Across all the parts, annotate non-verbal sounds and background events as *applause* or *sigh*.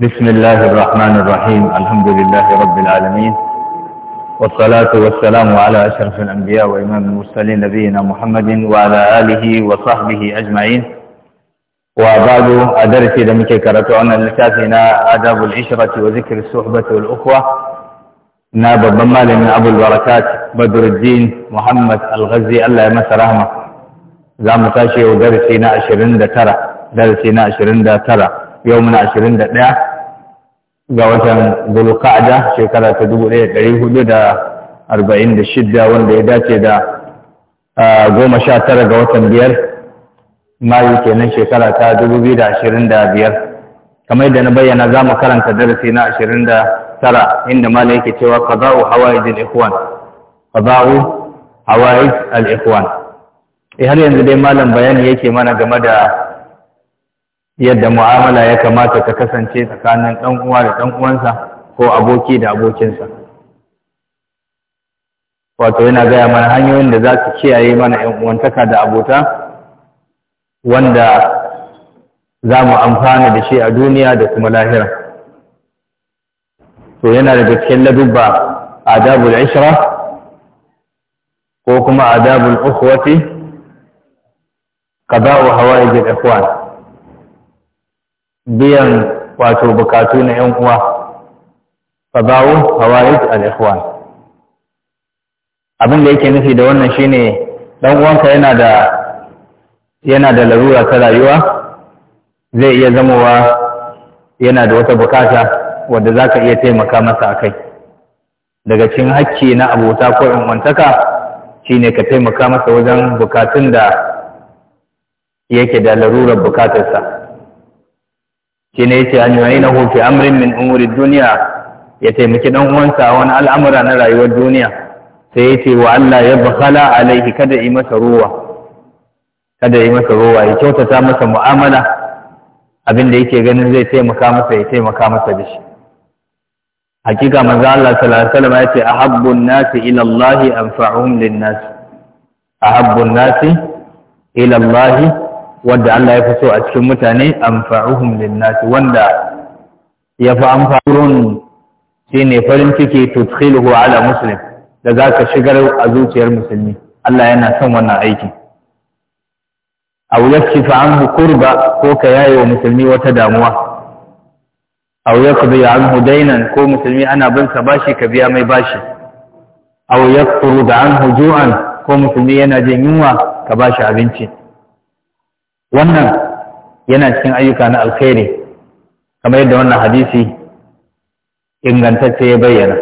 بسم الله الرحمن الرحيم الحمد لله رب العالمين والصلاة والسلام على أشرف الأنبياء وإمام المرسلين نبينا محمد وعلى آله وصحبه أجمعين وبعد أدرسي كرت أن لكاتنا آداب العشرة وذكر الصحبة والأخوة ناب الضمال من أبو البركات بدر الدين محمد الغزي الله يمس رحمه زعم تاشي ودرسينا عشرين دا ترى درسينا عشرين دا ترى yau muna ashirin da ɗaya ga watan zulqa'da shekara ta dubu ɗaya ɗari hudu da arba'in da shidda wanda ya dace da goma sha tara ga watan biyar mayu kenan shekara ta dubu biyu da ashirin da biyar kamar da na bayyana za mu karanta darasi na ashirin da tara inda mala yake cewa qada'u ikuwan ka za'u al eh har yanzu dai malam bayani yake mana game da yadda mu'amala ya kamata ta kasance tsakanin ɗan uwa da ɗan uwansa ko aboki da abokinsa wato yana gaya mana hanyoyin da za su kiyaye mana ‘yan uwantaka da abota wanda za mu amfana da shi a duniya da kuma lahira to yana da cikin ladubba adabul ishra ko kuma adabul ukhwati qada'u hawaij al-ikhwan biyan wato bukatu na ‘yan uwa, fazawo hawaii al'ikhwan. Abin da yake nufi da wannan shi ne, uwanka yana da larura ta rayuwa, zai iya zamowa yana da wata bukata wadda za ka iya taimaka masa a kai. Daga cikin hakki na abota ko yanwantaka shi ne ka taimaka masa wajen bukatun da yake da larurar bukatarsa. shine yace an na fi amrin min umuri duniya ya taimaki dan uwansa wani al'amura na rayuwar duniya sai yace wa Allah ya bakhala alaihi kada yi masa ruwa kada yi masa ruwa ya kyautata masa mu'amala abin da yake ganin zai taimaka masa ya taimaka masa da shi hakika manzo Allah sallallahu alaihi wasallam yace ahabbu an-nasi ila Allah anfa'uhum lin-nas ahabbu an-nasi ila Allah wanda Allah ya fi so a cikin mutane amfa'uhum linnas wanda ya fi amfa'urun shine farin ciki tudkhiluhu ala muslim da zaka shigar a zuciyar musulmi Allah yana son wannan aikin aw yakfi anhu kurba ko ka yaye wa musulmi wata damuwa aw yakbi anhu dainan ko musulmi ana bin sa bashi ka biya mai bashi aw yakfuru da anhu ju'an ko musulmi yana jin yunwa ka bashi abinci wannan yana cikin ayyuka na alkhairi kamar yadda wannan hadisi ingantacce ya bayyana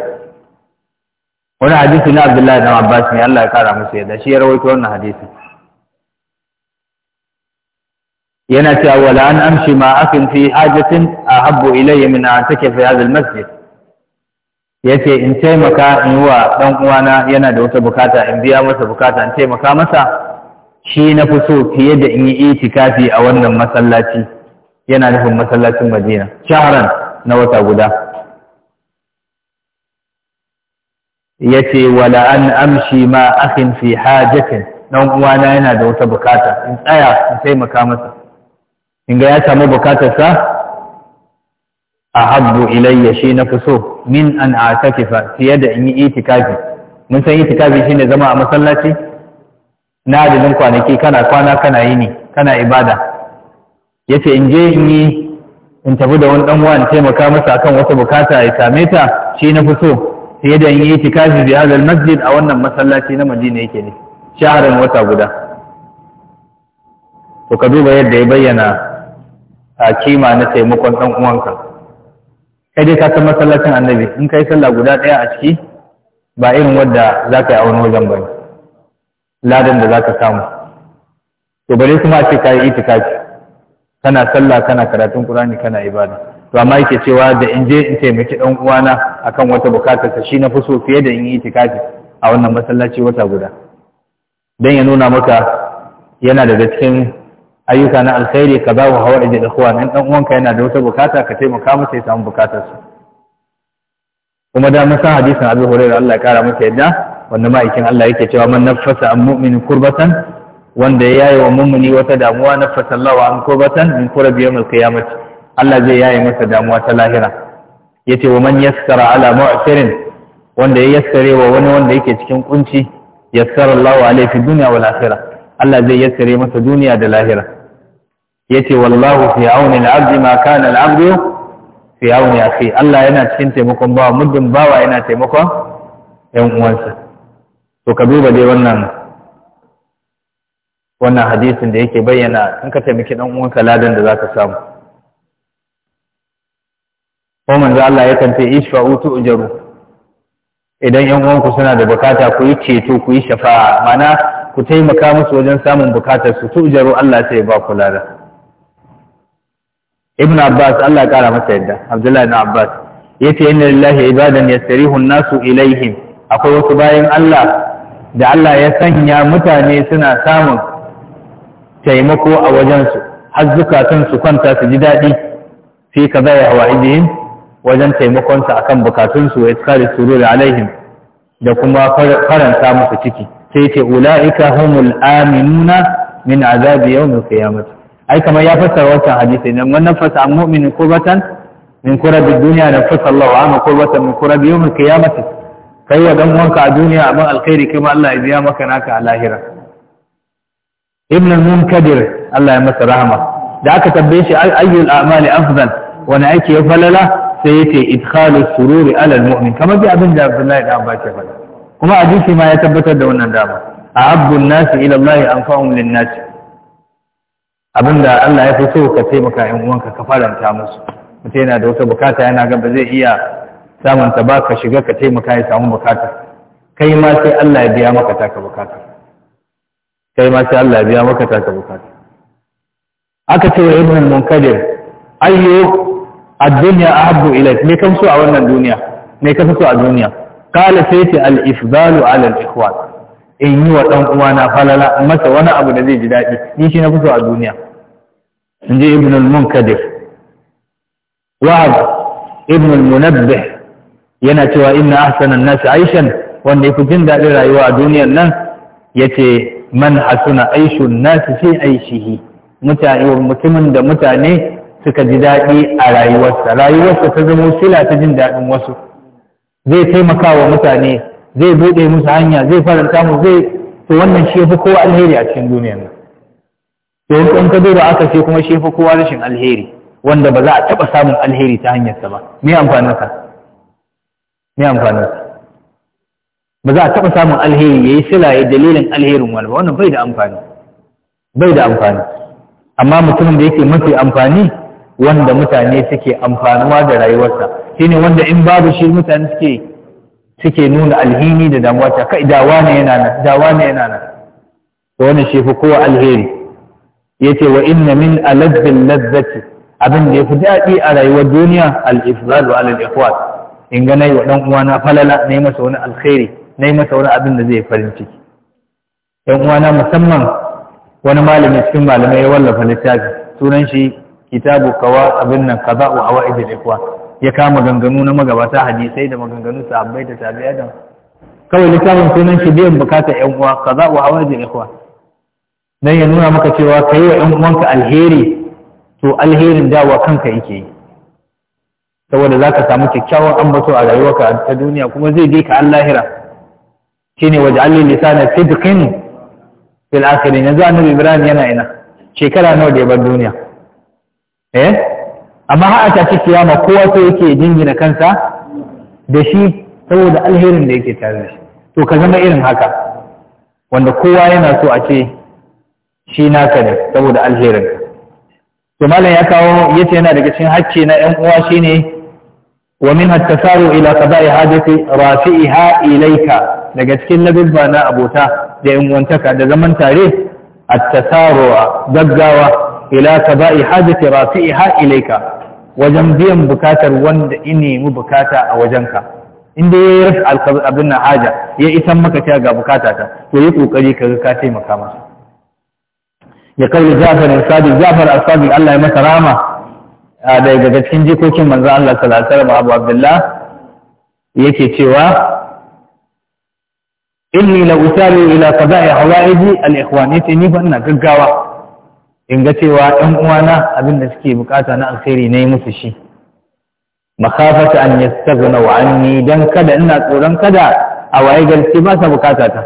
wani hadisi na abdullahi na abbas ne allah ya kara musu yadda shi ya rawaito wannan hadisi yana cewa wala an amshi ma akin fi hajatin ahabbu ilayya min an take fi hadha almasjid yace in taimaka in yi wa dan uwana yana da wata bukata in biya masa bukata in taimaka masa shi na fi so fiye da in yi itikafi a wannan masallaci yana nufin masallacin madina shaharan na wata guda ya ce wala an amshi ma akin fi hajjakin ɗan uwana yana da wata bukata in tsaya in taimaka masa in ga ya samu bukatarsa a habbu ilayya shi na fi so min an atakifa fiye da in yi itikafi mun san itikafi ne zama a masallaci na adadin kwanaki kana kwana kana yi ne kana ibada ya ce in je in yi in tafi da wani ɗanwa in taimaka masa kan wata bukata ya same ta shi na fi so fiye da in yi tikafi bi hadal masjid a wannan masallaci na madina yake ne shaharin wata guda to ka duba yadda ya bayyana a kima na taimakon ɗan uwanka kai dai ka san masallacin annabi in kai sallah guda ɗaya a ciki ba irin wadda za ka yi a wani wajen ba ne ladan da za ka samu to bare kuma ce kai itikafi kana sallah kana karatun qur'ani kana ibada to amma yake cewa da in je in taimaki dan uwana akan wata bukatar ta shi na fi so fiye da in yi itikafi a wannan masallaci wata guda dan ya nuna maka yana daga cikin ayyuka na alkhairi ka ba wa hawa da ikhwan in dan uwanka yana da wata bukata ka taimaka masa ya samu bukatarsa kuma da mun san hadisin Abu Hurairah Allah ya kara masa yadda wanda ma'aikin Allah yake cewa man nafasa an mu'minin kurbatan wanda ya yi wa mummuni wata damuwa nafasa Allah an kurbatan min kurabi yawmil qiyamah Allah zai yaye masa damuwa ta lahira yace wa man yassara ala mu'sirin wanda ya yassare wa wani wanda yake cikin kunci yassara Allah alaihi fi dunya wal akhirah Allah zai yassare masa duniya da lahira yace wallahu fi auni al-abd ma kana al-abd fi auni akhi Allah yana cikin taimakon bawa muddin bawa yana taimakon ƴan uwansa to ka duba dai wannan wannan hadisin da yake bayyana in ka taimaki dan uwanka ladan da zaka samu ko manzo Allah yakan ce utu ujaru idan yan uwanku suna da bukata ku yi ceto ku yi shafa'a mana ku taimaka musu wajen samun bukatar su tu'jaru Allah sai ba ku lada ibn Abbas Allah ya kara masa yadda Abdullahi ibn Abbas yace inna lillahi ibadan yastarihu an-nasu ilayhim akwai wasu bayan Allah da Allah ya sanya mutane suna samun taimako a wajensu har zukatun su kwanta su ji daɗi fi ka yi hawa ijiyin wajen taimakonsa akan bukatunsu wa iskari da alaihim da kuma faranta musu ciki sai ce ula'ika humul aminuna min azabi yau mai qiyamah ai kamar ya fassara wannan hadisi nan wannan fasa mu'minin kurbatan min kurabi dunya da fasa Allah wa amma kurbatan min kurabi mai qiyamah kai wa dan wanka a duniya abin alkhairi kuma Allah ya biya maka naka a lahira ibn al-munkadir Allah ya masa rahama da aka tabbe shi ayyul a'mali afdal wani aiki ya falala sai yace idkhalu sururi ala al-mu'min kamar bi abin da Abdullahi da Abbas ya faɗa kuma hadisi ma ya tabbatar da wannan dama a'abdu an-nas ila Allah anfa'um lin-nas abinda Allah ya fi so ka taimaka 'yan uwanka ka faranta musu mutum yana da wata bukata yana ga ba zai iya ta ba ka shiga ka taimaka ya samu bukatar kai ma sai Allah ya biya maka ka bukatar kai ma sai Allah ya biya maka ka bukatar aka ce wa ibn munkadir ayyo ad-dunya ahabbu ilayk me kan so a wannan duniya me kan so a duniya qala sayti al-ifdalu ala al-ikhwan in yi wa dan uwa na falala masa wani abu da zai ji dadi ni shi na fi so a duniya in ji ibn al-munkadir wahab ibn al-munabbih yana cewa inna ahsanan nasi aishan wanda yafi jin daɗin rayuwa a duniyar nan yace man hasuna aishun nasi fi aishihi mutane mutumin da mutane suka ji daɗi a rayuwarsa rayuwarsa ta zama sila ta jin daɗin wasu zai taimaka wa mutane zai buɗe musu hanya zai faranta mu zai to wannan shi fi kowa alheri a cikin duniyar nan to in ka duba aka ce kuma shi fi kowa rashin alheri wanda ba za a taɓa samun alheri ta hanyarsa ba me amfaninsa ne amfanin ba za a taɓa samun alheri ya yi sila ya dalilin alherin wani ba wannan bai da amfani bai da amfani amma mutumin da yake mafi amfani wanda mutane suke amfanuwa da rayuwarsa ne wanda in babu shi mutane suke suke nuna alhini da damuwa ta kai dawa ne yana nan dawa ne yana nan to wannan shi fi kowa alheri yace wa inna min aladzil ladzati abin da yafi daɗi a rayuwar duniya al-ifdal wa al-ikhwan in ga na yi wa ɗan uwana falala na yi masa wani alkhairi na yi masa wani abin da zai farin ciki ɗan uwana musamman wani malami cikin malamai ya wallafa littafi sunan shi kitabu kawa abin nan kaza wa awa ibn ya kama ganganu na magabata hadisai da maganganu sahabbai da tabi'a da kawai littafin sunan shi biyan bukata ƴan uwa kaza wa awa ibn ikwa dan ya nuna maka cewa kai wa ƴan uwanka alheri to alherin dawa kanka yake yi saboda za ka samu kyakkyawan ambato a rayuwarka ta duniya kuma zai je ka an lahira shi ne waje allin lisanin sidqin fil akhirin yanzu annabi ibrahim yana ina shekara nawa da ya bar duniya eh amma har a tashi kiyama kowa sai yake jingina kansa da shi saboda alherin da yake tare da shi to ka zama irin haka wanda kowa yana so a ce shi naka ne saboda alherin to ya kawo yace yana daga cikin hacce na ƴan uwa shine ومنها التسارع إلى قضاء حاجة رافئها إليك daga cikin ladubba na abota da yan wantaka da zaman tare at gaggawa ila qada'i hajati rafi'iha ilayka wajen biyan bukatar wanda ine mu bukata a wajen ka. inda yayi rafi al-abin haja ya isan maka ta ga bukata ta to yi kokari ka ga ka taimaka masa ya kauli Ja'far al-Sadiq Ja'far al-Sadiq Allah ya masa rama daga cikin jikokin manzo Allah sallallahu alaihi wasallam Abu Abdullah yake cewa inni la usari ila qada'i hawaiji al ikhwani ti ni fa ina gaggawa in ga cewa ɗan uwana abinda suke bukata na alkhairi ne musu shi makafata an yastaghna wa anni dan kada ina tsoron kada a waye garci ba sa bukata ta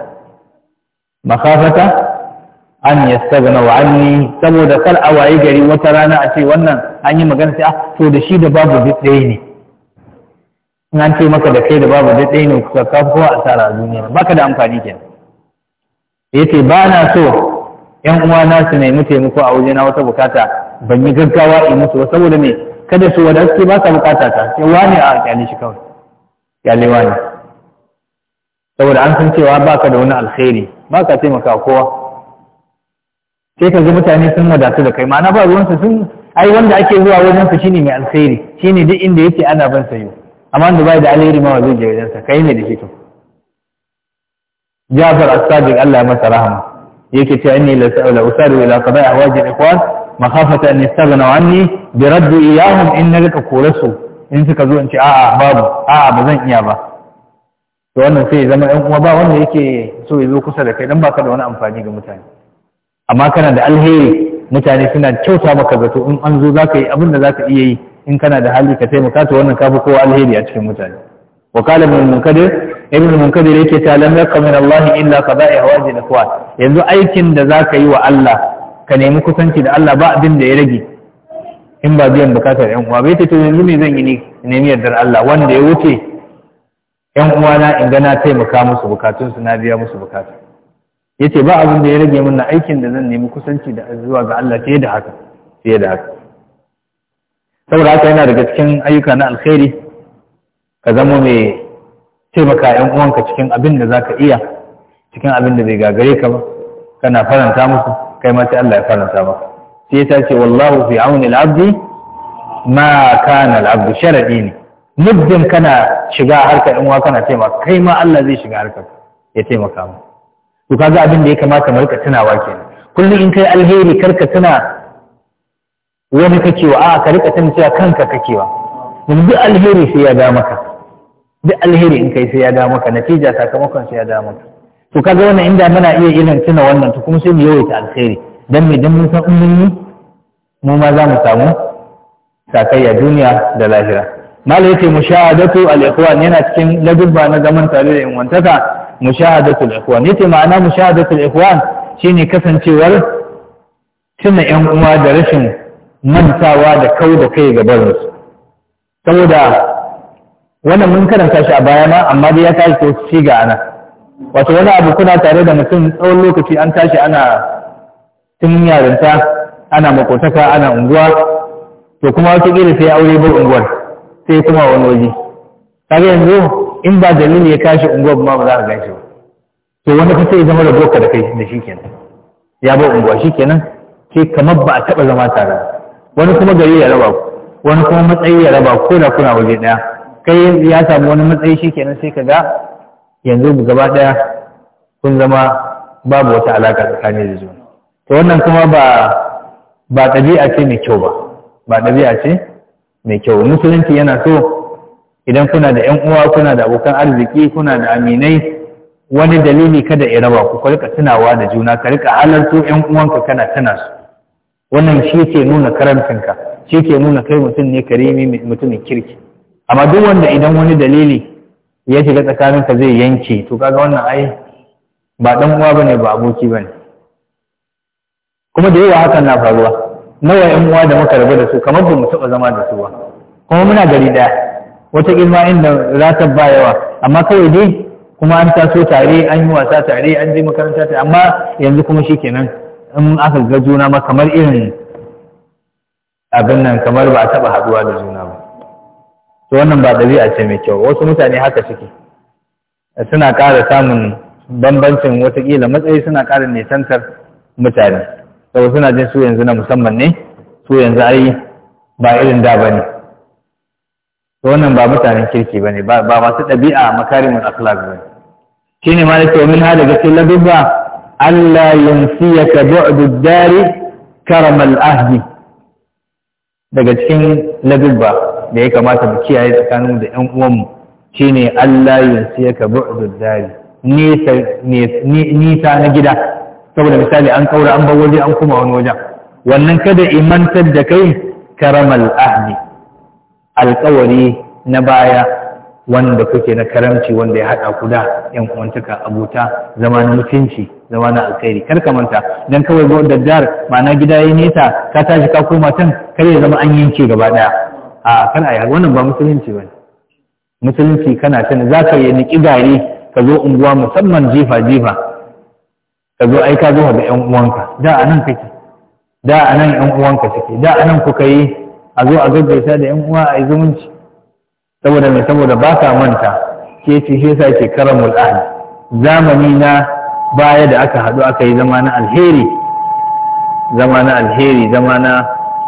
makafata an saba na anni saboda kar a waye gari wata rana a ce wannan an yi magana sai a ah, to da shi da babu duk ɗaya ne in an ce maka da kai da babu duk ɗaya ne kusa ka kowa asara a duniya ka da amfani kenan yace ba na so yan uwana su nemi taimako a wajena wata bukata ban yi gaggawa in musu ba saboda me kada su wada suke ba sa bukata ta sai wani a kyale shi kawai kyale wani saboda an san cewa ba ka da wani alkhairi ka taimaka kowa sai ka ga mutane sun wadatu da kai ma'ana ba ruwansu sun ai wanda ake zuwa wajen su shine mai alkhairi shine duk inda yake ana ban sayo amma wanda bai da alheri ma zai je sa kai ne da shi Jafar as Allah Allah masa rahama yake cewa inni la sa'ala usadu ila qada'i hawaji al-ikhwan makhafata an yastaghna anni bi radd iyahum in nalika kurasu in suka zo in ce a'a babu a'a ba zan iya ba to wannan sai zama ɗan uwa ba wanda yake so ya zo kusa da kai dan baka da wani amfani ga mutane amma kana da alheri mutane suna kyauta maka zato in an zo za ka yi abin da za ka iya yi in kana da hali ka taimaka to wannan kafi kowa alheri a cikin mutane wa kala min munkadir ibn munkadir yake ta lam yakun min Allah illa qada'i hawaji na kwa yanzu aikin da za ka yi wa Allah ka nemi kusanci da Allah ba abin da ya rage in ba biyan bukatar yan uwa bai ta to yanzu ne zan yi ne nemi yardar Allah wanda ya wuce yan uwana in ga na taimaka musu bukatunsu na biya musu bukatun yace ba abin da ya rage min aikin da zan nemi kusanci da zuwa ga Allah fiye da haka fiye da haka saboda haka yana daga cikin ayyuka na alkhairi ka zama mai taimaka yan uwanka cikin abin da zaka iya cikin abin da bai gagare ka ba kana faranta musu kai ma sai Allah ya faranta maka sai ta ce wallahu fi auni al-abdi ma kana al-abdu sharadi ne muddin kana shiga harkar yan uwa kana taimaka kai ma Allah zai shiga harkar ya taimaka maka to kaga abin da ya kamata mu rika tunawa kenan kullum in kai alheri karka tuna wani kakewa a ka rika tuna cewa kanka kakewa mun duk alheri sai ya ga maka duk alheri in kai sai ya ga maka natija sakamakon sai ya ga maka to kaga wannan inda muna iya irin tuna wannan to kuma sai mu yawaita alheri dan me dan mun san ummin mu ma za mu samu sakayya duniya da lahira malai yace mushahadatu al-ikhwan yana cikin ladubba na zaman tare da yan wantaka mushahadatul ikhwan yace ma'ana mushahadatul ikhwan shine kasancewar tuna yan uwa da rashin mantawa da kau da kai ga barinsu saboda wannan mun karanta shi a baya ma amma dai ya tashi shi ga ana wato wani abu kuna tare da mutum tsawon lokaci an tashi ana tun yarinta ana makotaka ana unguwa to kuma wata kila sai aure bar unguwar sai kuma wani waje kaga yanzu in ba dalili ya kashi unguwar ma ba za a gan ba to wani fa sai zama da boka da kai da shi kenan ya ba unguwa shi kenan sai kamar ba a taɓa zama tare wani kuma gari ya raba ku wani kuma matsayi ya raba ko da kuna waje daya. kai ya samu wani matsayi shi kenan sai ka ga yanzu gaba daya kun zama babu wata alaka tsakanin da juna to wannan kuma ba ba ɗabi'a ce mai kyau ba ba ɗabi'a ce mai kyau musulunci yana so idan kuna da yan uwa kuna da abokan arziki kuna da aminai wani dalili kada ya raba ku ka rika tunawa da juna ka rika halarto yan uwanka kana tana su wannan shi ke nuna karantinka shi ke nuna kai mutum ne karimi mutumin kirki amma duk wanda idan wani dalili ya shiga tsakaninka zai yanke to kaga wannan ai ba dan uwa bane ba aboki bane kuma da yawa hakan na faruwa nawa yan uwa da muka rabu da su kamar ba mu taba zama da su ba kuma muna gari daya wata girma inda ta ba yawa amma kawai dai kuma an taso tare an yi wasa tare an je makaranta tare amma yanzu kuma shi kenan in aka ga juna ma kamar irin abin nan kamar ba a taɓa haɗuwa da juna ba to wannan ba ɗabi'a ce mai kyau wasu mutane haka suke suna ƙara samun bambancin watakila matsayi suna ƙara nisantar mutane saboda suna jin su yanzu na musamman ne su yanzu ai ba irin da ba ne to wannan ba mutanen kirki bane ba ba masu ɗabi'a makarimul akhlaq bane shine ma nake min ha daga cikin ladubba Allah yunsiyaka bu'du dari karamal ahdi daga cikin ladubba da ya kamata mu kiyaye tsakanin da ƴan uwanmu shine Allah yunsiyaka bu'du dari nisa na gida saboda misali an kaura an bar waje an kuma wani wajen wannan kada imantar da kai karamal ahdi alkawari na baya wanda kuke na karamci wanda ya haɗa ku da yan uwantaka abota zama na mutunci zama na alkhairi kar ka manta dan kawai ga da dar ma'ana gida yayi nesa ka tashi ka koma can kar ya zama an yanke gaba daya a kan ayi wannan ba musulunci bane musulunci kana tana za ka yi niki gari ka zo unguwa musamman jifa jifa ka zo ai ka zo ga yan uwanka da anan kake da anan yan uwanka suke da anan ku yi a zo a gaggaisa da yan uwa a yi zumunci saboda mai saboda ba ka manta ke ce shi yasa ke karamul ahli zamani na baya da aka haɗu aka yi zama na alheri zama na alheri zama na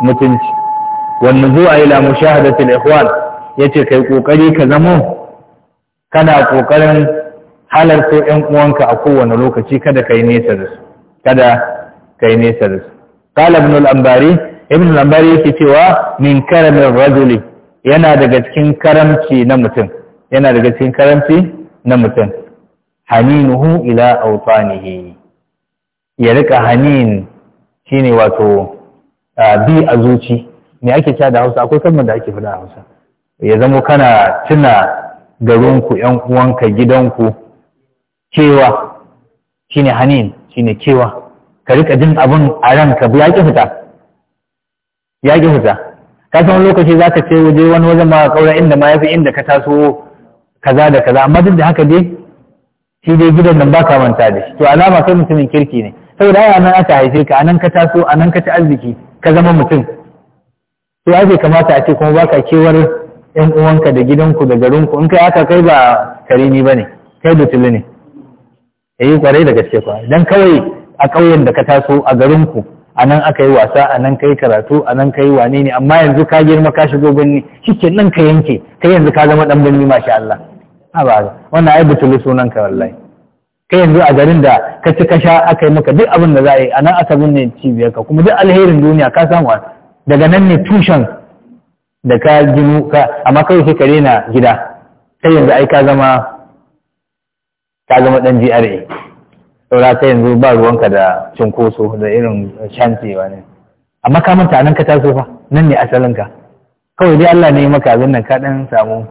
mutunci wannan zuwa ila mushahadatul ikhwan yace kai kokari ka zamo kana kokarin halarta yan uwanka a kowane lokaci kada kai nesa da su kada kai nesa da su qala ibn al-anbari ibn lambari yake cewa min karamin rajuli yana daga cikin karamci na mutum yana daga cikin karamci na mutum haninuhu ila autanihi ya rika hanin shine wato bi a zuci me ake cewa da Hausa akwai kalmar da ake faɗa a Hausa ya zamo kana tuna garinku ƴan uwanka gidanku kewa shine hanin shine kewa ka rika jin abun a ranka bi ake fita ya ji huta ka san lokaci za ka ce waje wani wajen ma kaura inda ma ya fi inda ka taso kaza da kaza amma duk da haka dai shi dai gidan nan baka manta da shi to alama kai mutumin kirki ne saboda ai nan aka haife ka anan ka taso anan ka ci arziki ka zama mutum to ai bai kamata a ce kuma baka kewar yan uwanka da gidanku da garinku in kai haka kai ba kare ni bane kai butuli ne yayi eh, kwarai da gaske kwa dan kawai a ƙauyen da ka taso a garinku a nan aka yi wasa a nan ka yi karatu a nan ka yi wane ne amma yanzu ka girma ka shigo birni shi nan ka yanke kai yanzu ka zama dan birni masha Allah a ba wannan ai bitulu sunan ka wallahi kai yanzu a garin da ka ci ka sha aka yi maka duk abin da za a yi a nan aka binne cibiyar ka kuma duk alherin duniya ka samu daga nan ne tushen da ka ginu ka amma kai sai ka rena gida kai yanzu ai ka zama ka zama dan GRA saura ta yanzu ba ruwanka da cunkoso da irin ba ne amma ka manta nan ka taso fa nan ne asalinka kawai dai Allah ne maka abin nan ka dan samu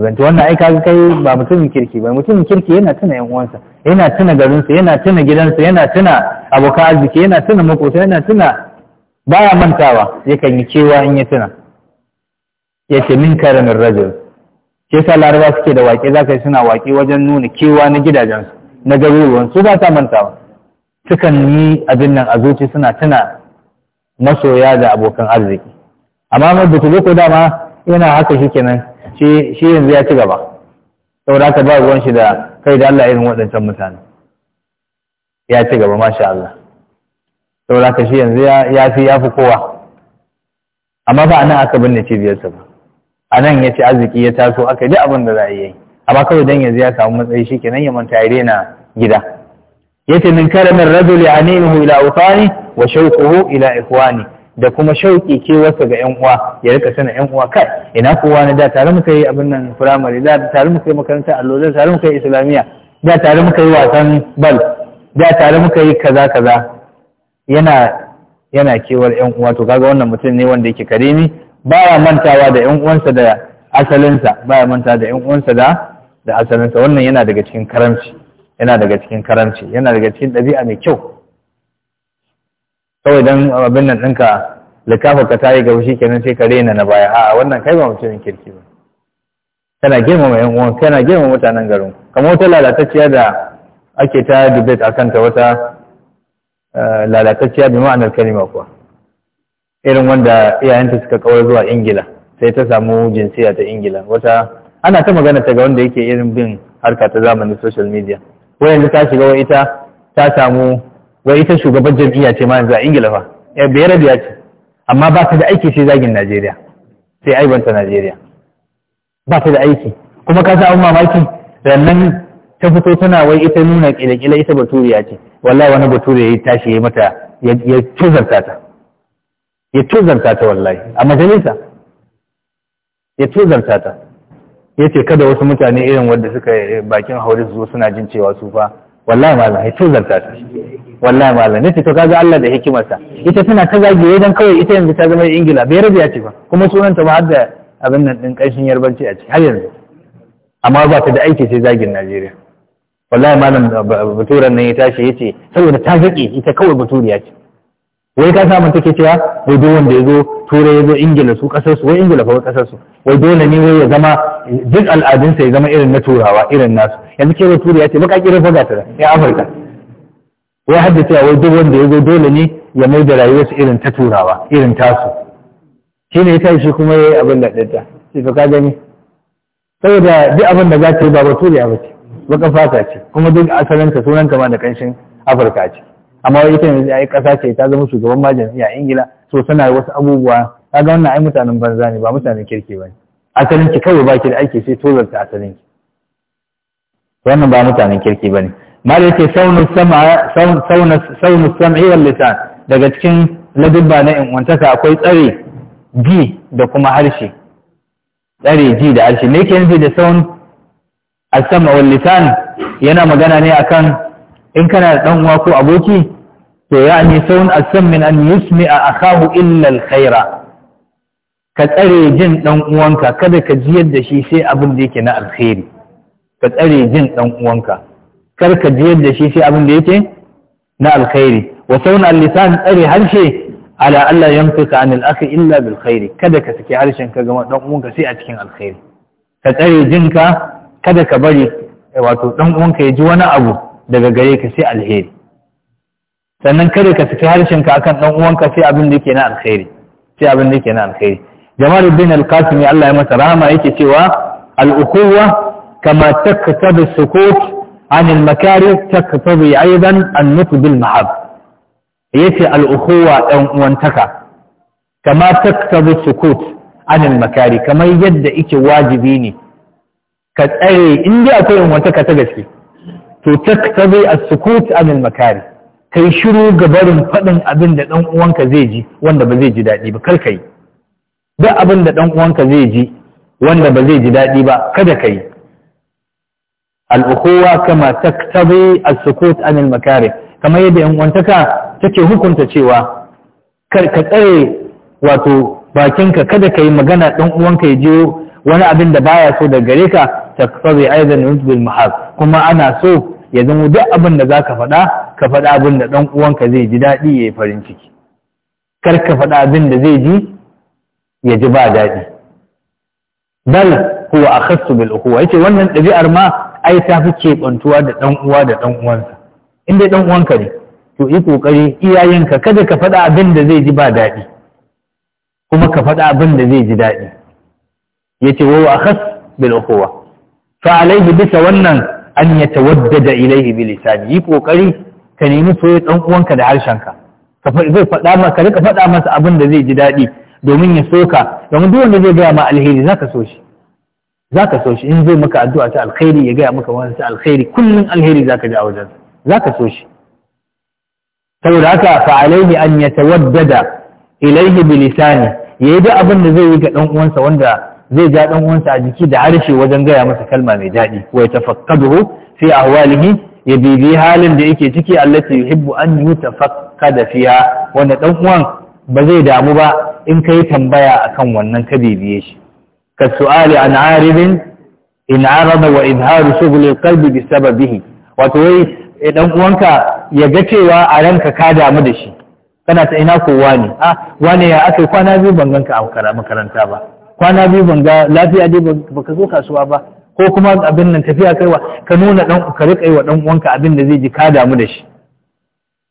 zanci wannan ai kaga kai ba mutumin kirki ba mutumin kirki yana tuna yan uwansa yana tuna garinsa yana tuna gidansa yana tuna abokan arziki yana tuna makota yana tuna baya mantawa yakan yi kewa in ya tuna ya ce min karamin rajul ke sa laraba suke da waƙe za ka yi suna waƙe wajen nuna kewa na gidajensu na garuruwan su ba ta mantawa sukan yi abin nan a zuci suna tuna masoya da abokan arziki amma mai ko dama yana haka shi kenan shi yanzu ya ci gaba saboda haka ba ruwan shi da kai da Allah irin waɗancan mutane ya ci gaba masha Allah saboda haka shi yanzu ya fi ya fi kowa amma ba a nan aka binne cibiyarsa ba a nan ya ci arziki ya taso aka yi abin da za a yi amma kawai dan yanzu ya samu matsayi shi kenan ya manta ya daina gida yace min karamin rajuli animuhu ila utani wa shauquhu ila ikhwani da kuma shauki wasu ga yan uwa ya rika sana yan uwa kai ina kowa na da tare muka yi abin nan firamare da tare muka yi makaranta allo da tare muka yi islamiyya da tare muka yi wasan bal da tare muka yi kaza kaza yana yana kewar yan uwa to kaga wannan mutum ne wanda yake karimi baya mantawa da yan uwansa da asalinsa baya mantawa da yan uwansa da da asalinsa wannan yana daga cikin karamci yana daga cikin karamci yana daga cikin ɗabi'a mai kyau kawai don abin nan ɗinka likafa ka yi gaba shi kenan sai ka rena na baya a wannan kai ba mutumin kirki ba kana girmama yan uwan kana girmama mutanen garin kamar wata lalatacciya da ake ta debate akan ta wata eh, lalatacciya bi ma'anar kalima kuwa irin wanda iyayenta suka kawar zuwa ingila sai ta samu jinsiya ta ingila wata ana ta magana ta ga wanda yake irin bin harka ta zamani social media wayan yanzu ta shiga wai ita ta samu wai ita shugaban jam'iyya ce ma yanzu a ingila fa eh, biyar da ce amma ba ta da aiki sai zagin najeriya sai aibanta najeriya ba ta da aiki kuma ka samu mamaki rannan ta fito tana wai ita nuna kila-kila ita baturiya ce wallahi wani bature ya tashi ya mata ya tuzarta ta ya tuzarta ta wallahi a majalisa ya tuzarta ta ya ce kada wasu mutane irin wanda suka bakin haure su zo suna jin cewa su fa wallahi malam ya zarta ta wallahi malam ne to kaga Allah da hikimarsa ita tana ta zage dan kawai ita yanzu ta zama ingila bai rabi ya ce ba kuma sunanta ba har da abin nan din kashin yarbanci a ce har yanzu amma ba ta da aiki sai zagin Najeriya wallahi malam baturan nan ya tashi ya ce saboda ta zaƙe ita kawai baturiya ce wai ka samun take cewa wai duk wanda ya zo turai ya zo ingila su kasar su wai ingila kawai kasar su wai dole ne wai ya zama duk al'adunsa ya zama irin na turawa irin nasu yanzu ke wai turai ya ce baka kirin faga tara ya afirka wai hadda cewa wai duk wanda ya zo dole ne ya mai da rayuwarsa irin ta turawa irin tasu shi ne ya tashi kuma ya yi abin da ɗinta shi ka gani saboda duk abin da za ta yi ba ba turiya ba ce baka fata ce kuma duk asalinka sunanka ma da kanshin afirka ce amma wai ita yanzu ai kasa ce ta zama shugaban ma jami'a ingila so suna wasu abubuwa kaga wannan ai mutanen banza ne ba mutanen kirki ba ne asalin ki kawai baki da aiki sai tozarta asalin ki wannan ba mutanen kirki ba ne mal ce saunu sama saunu saunu sam'i wal lisan daga cikin ladubba na in wantaka akwai tsare ji da kuma harshe tsare ji da harshe me yake nufi da saun a sama wal lisan yana magana ne akan in kana da ɗan uwa ko aboki to ya ne saun asan min an yusmi a akahu illal khaira ka tsare jin dan uwanka kada ka ji yadda shi sai abin da yake na alkhairi ka tsare jin dan uwanka kar ka ji yadda shi sai abin da yake na alkhairi wa saun al lisan tsare harshe ala Allah yanfika anil akhi illa bil khairi kada ka saki harshen ka gama dan uwanka sai a cikin alkhairi ka tsare jinka kada ka bari wato dan uwanka ya ji wani abu daga gare ka sai alheri sannan kada ka saki harshenka akan dan uwanka sai abin da yake na alkhairi sai abin da yake na alkhairi Jamaluddin Al-Qasimi Allah ya masa rahama yake cewa al-ukhuwa kama taktabi sukut an al-makari taktabi aidan an-nutq bil mahab yace al-ukhuwa dan uwantaka kama taktabi sukut an al-makari kamar yadda yake wajibi ne ka tsare inda akwai uwantaka ta gaske to taktabi as-sukut an al-makari kai shiru ga barin faɗin abin da ɗan uwanka zai ji wanda ba zai ji daɗi ba kar yi duk abin da ɗan uwanka zai ji wanda ba zai ji daɗi ba kada ka yi. al'ukuwa kama taktabi as-sukut anil makarih kamar yadda yan uwantaka take hukunta cewa kar ka tsare wato bakinka kada ka yi magana ɗan uwanka ya ji wani abin da baya so da gare ka ta fari aizan yuntubil bilmahar, kuma ana so ya zama duk abin da za ka faɗa ka faɗa abin da ɗan uwanka zai ji daɗi ya yi farin ciki kar ka faɗa abin da zai ji ya ji ba daɗi bal huwa akhassu bil ukhuwa yace wannan ɗabi'ar ma ai ta fi keɓantuwa da ɗan uwa da ɗan uwansa in dai ɗan uwanka ne to yi kokari iyayenka kada ka faɗa abin da zai ji ba daɗi kuma ka faɗa abin da zai ji daɗi yace wa akhassu bil ukhuwa fa alaihi bisa wannan an ya tawaddada ilaihi bi lisani yi kokari ka nemi soyayya dan uwanka da harshenka ka zai faɗa maka rika faɗa masa abin da zai ji daɗi domin ya soka domin duk wanda zai gaya ma alheri zaka so shi zaka so shi in zai maka addu'a ta alheri ya gaya maka wani ta alheri, kullun alheri zaka ji a wajen zaka so shi saboda haka fa alaihi an yatawaddada ilaihi bi lisani yayi da abin da zai yi ga dan uwansa wanda zai ja dan uwansa a jiki da harshe wajen gaya masa kalma mai daɗi wa sai fi ahwalihi ya bibi halin da yake ciki allati yuhibbu an yutafakkada fiha wanda dan uwan ba zai damu ba in kai tambaya akan wannan ka bibiye shi ka su'ali an aridin in arada wa izharu shughl alqalb bi sababihi wato wai dan eh, uwanka ya ga cewa a ranka ka damu da shi kana ta ina ko wani ah wani ya aka kwana biyu ban ganka a makaranta ba kwana biyu ban ga lafiya dai ba ka zo kasuwa ba ko kuma abin nan tafiya kaiwa ka nuna dan ka rika wa dan uwanka abin da zai ji ka damu da shi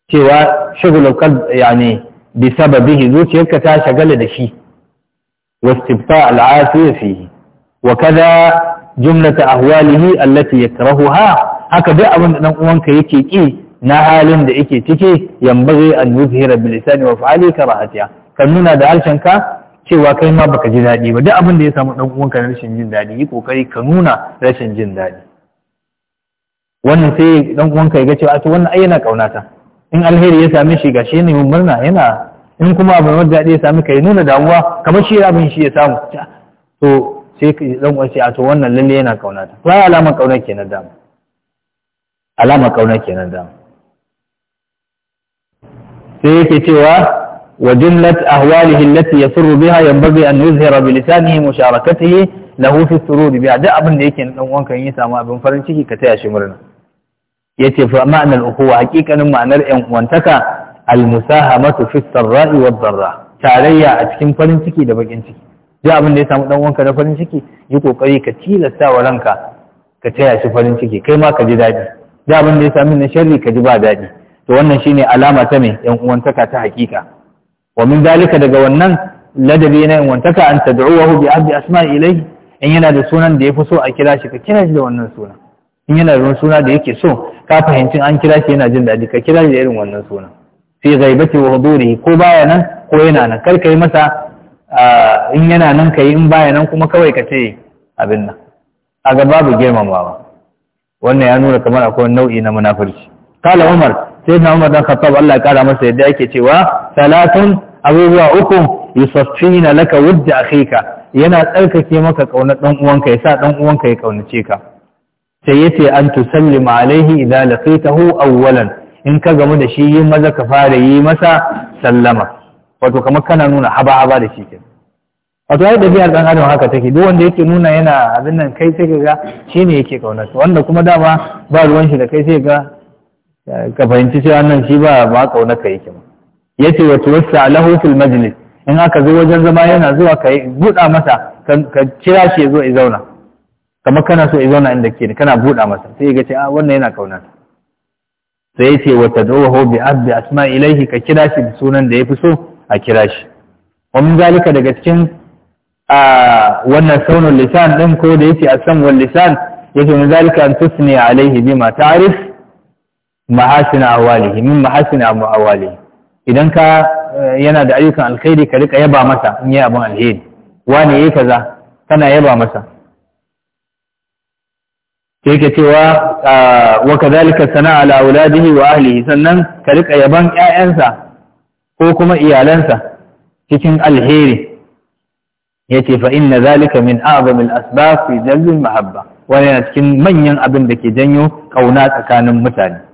cewa shagulu kal yani bi sababihi zuciyar ka ta shagala da shi wastifa al'afiya fihi wa kaza jumlata ahwalihi allati yakrahuha haka duk abin da dan uwanka yake ki na halin da yake ciki yambaghi an yuzhira bil lisani wa fa'ali karahatiha ka nuna da harshen ka cewa kai ma baka ji daɗi ba duk abin da ya samu ɗan uwanka na rashin jin daɗi yi kokari ka nuna rashin jin daɗi wannan sai ɗan uwanka ya ga cewa to wannan ai yana ƙaunata in alheri ya same shi gashi ne mun murna yana in kuma abu mai daɗi ya same ka ya nuna damuwa kamar shi ya shi ya samu to sai ɗan uwan sai a to wannan lalle yana ƙaunata to ai alamar ƙauna kenan dama alamar ƙauna kenan dama sai yake cewa وجملة أهواله التي يسر بها ينبغي أن يظهر بلسانه مشاركته له في السرور بها ده أبن ديك أن وانك يسا ما أبن فرنشيكي كتايا شمرنا يتي فمعنى الأخوة حقيقة معنى الأم وانتكى المساهمة في السراء والضراء tarayya a cikin farin ciki da bakin ciki ya abin ya samu dan na farinciki, yi kokari ka tilasta wa ranka ka taya shi farin ciki kai ma ka ji daɗi ya ya sami na sharri ka ji ba daɗi to wannan shine alama ta yan uwantaka ta hakika wa min zalika daga wannan ladabi na in wantaka an tad'uhu bi ahdi asma'i ilayhi in yana da sunan da yafi so a kira shi ka kira shi da wannan sunan in yana da wani suna da yake so ka fahimci an kira shi yana jin daɗi ka kira shi da irin wannan sunan fi ghaibati wa hudurihi ko baya nan ko yana nan kar kai masa in yana nan kai in baya nan kuma kawai ka ce abin nan a ga babu girmamawa wannan ya nuna kamar akwai nau'i na munafurci kala umar sai na umar dan khattab Allah ya kara masa yadda yake cewa talatin abubuwa uku na laka a akhika yana tsarkake maka kauna dan uwanka sa dan uwanka ya kaunace ka sai ya ce an tusallima alaihi idan idza laqitahu awwalan in ka gamu da shi yi maza ka fara yi masa sallama wato kamar kana nuna haba haba da shi ke wato da biyar ɗan adam haka take duk wanda yake nuna yana abin nan kai sai ga shi ne yake kaunar wanda kuma dama ba ruwan shi da kai sai ga ka fahimci cewa nan shi ba ma kauna ka yake ya ce wa tuwassa lahu fil majlis in aka zo wajen zama yana zuwa ka buɗa masa ka kira shi ya zo ya zauna kamar kana so ya zauna inda ke kana buɗa masa sai ga ce a ah, wannan yana kauna sai ya ce wa tad'uhu bi abdi asma ilaihi ka kira shi da sunan da ya fi so a kira shi wa min zalika daga cikin a wannan saunin lisan din ko da yake a san wal lisan yake min zalika an tusni alaihi bima ta'rif mahasin awalihi min mahasin awalihi idan ka eh, yana da ayyukan alkhairi ka rika yaba masa in yi abin alheri wane yi kaza kana yaba masa sai ke cewa ah, wa kadhalika sana ala auladihi wa ahlihi sannan ka rika yaban ƴaƴansa ko kuma iyalansa cikin alheri yace fa inna zalika min a'zami al-asbab fi jalb al-mahabba yana cikin manyan abin da ke janyo kauna tsakanin mutane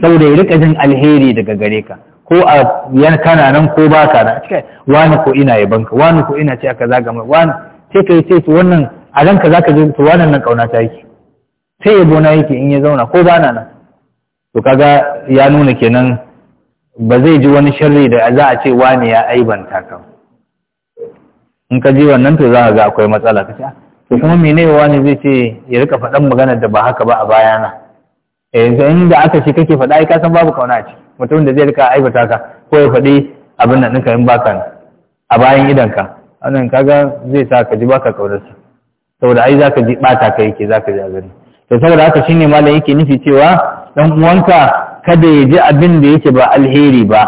saboda ya rika jin alheri daga gare ka ko a yan kana nan ko ba ka nan cika wani ko ina ya banka wani ko ina ce aka zaga mai wani ce ka yi ce wannan a ranka zaka je to wannan nan kauna ta yake sai ya bona yake in ya zauna ko ba na nan to kaga ya nuna kenan ba zai ji wani sharri da za a ce wani ya aibanta ka in ka ji wannan to za ka ga akwai matsala ka ce ah, to kuma menene wani zai ce ya rika faɗan maganar da ba haka ba a bayana Eh, yanzu da aka ce kake faɗa ai kasan babu kauna ce mutumin da zai rika aibata ka ko ya faɗi abin nan ɗinka in baka a bayan idanka wannan kaga zai sa ka ji baka kaunarsa saboda ai zaka ji bata ka yake zaka ji a gani to saboda haka shine malam yake nufi cewa dan uwanka kada ya ji abin da yake ba alheri ba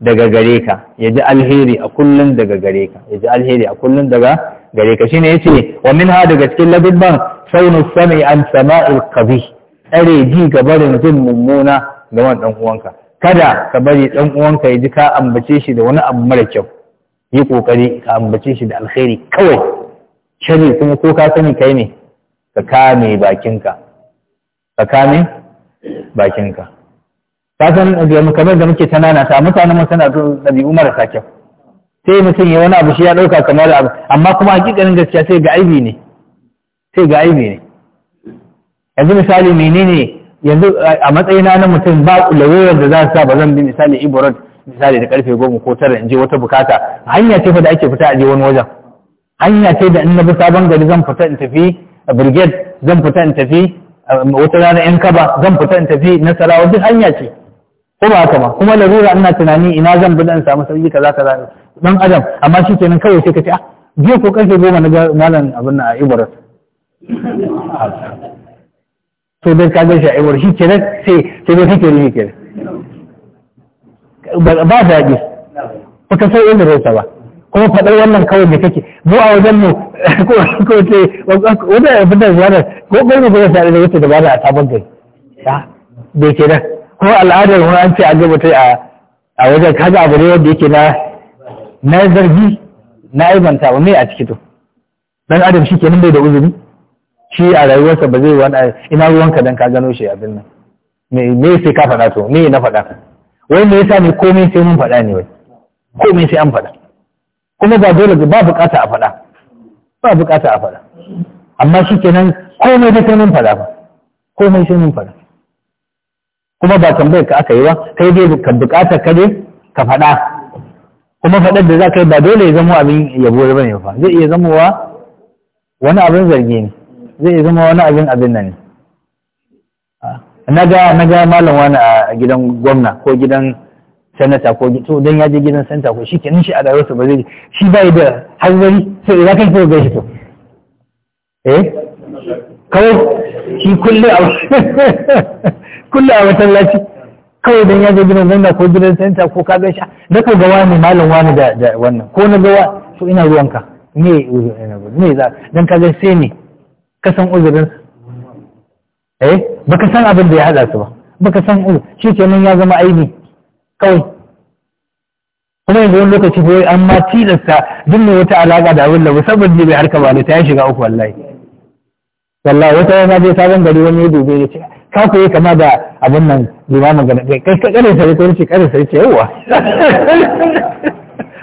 daga gare ka ya ji alheri a kullun daga gare ka ya ji alheri a kullun daga gare ka shine yace wa min ha daga cikin labibban sauni sami an sama'il qabih tsare ji ga barin jin mummuna ga wani ɗan uwanka kada ka bari ɗan uwanka ya ji ka ambace shi da wani abu mara kyau yi ƙoƙari ka ambace shi da alkhairi kawai shari kuma ko ka sani kai ne ka kame bakinka ka kame bakinka ka san kamar da muke tanana ta mutane mun suna da ɗabi'u marasa kyau sai mutum ya wani abu shi ya ɗauka kamar abu amma kuma hakikanin gaskiya sai ga aibi ne sai ga aibi ne yanzu misali menene yanzu a matsayina na mutum ba lawayar da za su sa ba zan bi misali iborod misali da karfe goma ko tara in je wata bukata hanya ce fa da ake fita a je wani wajen hanya ce da in na bi sabon gari zan fita in tafi a brigade zan fita in tafi wata rana yan kaba zan fita in tafi na salawa hanya ce ko ba haka ba kuma larura ina tunani ina zan bi dan samu sauki kaza kaza dan adam amma shi kenan kawai sai ka ce ah jiya ko karfe goma na ga malam abin na a ibarat sai dan ka gan shi a iwar shi kenan sai sai don kake rufe kenan ba daɗi ba ka sai inda zai ba kuma faɗar wannan kawai da kake mu a wajen mu *laughs* ko ce wanda ya fitar da wannan ko ne ba zai da wata dabara a sabon gari bai kenan ko al'adar mu an ce an gaba ta a wajen kaga abu ne wanda yake na na zargi na aibanta wa mai a ciki to dan adam shi kenan bai da uzuri shi a rayuwarsa ba zai wani ina ruwanka dan ka gano shi abin nan me me sai ka faɗa to me na faɗa wai me yasa ne komai sai mun faɗa ne wai komai sai an faɗa kuma ba dole ba bukata a faɗa ba bukata a faɗa amma shi kenan komai da sai mun faɗa ba komai sai mun faɗa kuma ba tambayar ka aka yi ba kai dai ka bukata ka dai ka faɗa kuma faɗar da za ka yi ba dole ya zama abin yabo ba ne ba zai iya zamowa wani abin zargi ne zai zama wani abin abin nan na ga na ga malam wani a gidan gwamna ko gidan sanata ko to don ya je gidan sanata ko shi kenan shi a rayuwarsa ba zai shi bai da hanzari sai za ka yi ga gaishe to eh kawai shi kulle a *laughs* kulle a masallaci kawai don ya je gidan gwamna ko gidan sanata ko ka gaishe da ka gawa ne malam wani da wannan ko na gawa to ina ruwanka ne ne za dan ka sai ne ka san uzurin eh baka san abin da ya hada su ba baka san uzu shi nan ya zama aini kawai kuma yanzu wani lokaci ko an ma tilasta duk mai wata alaka da abin da ba saboda bai harka ba ne, ta ya shiga uku wallahi wallahi wata yana je sabon gari wani ya dube ya ce ka ku yi kama da abin nan limamin gana kai kai ka kare sai ko ce kare sai ce yawa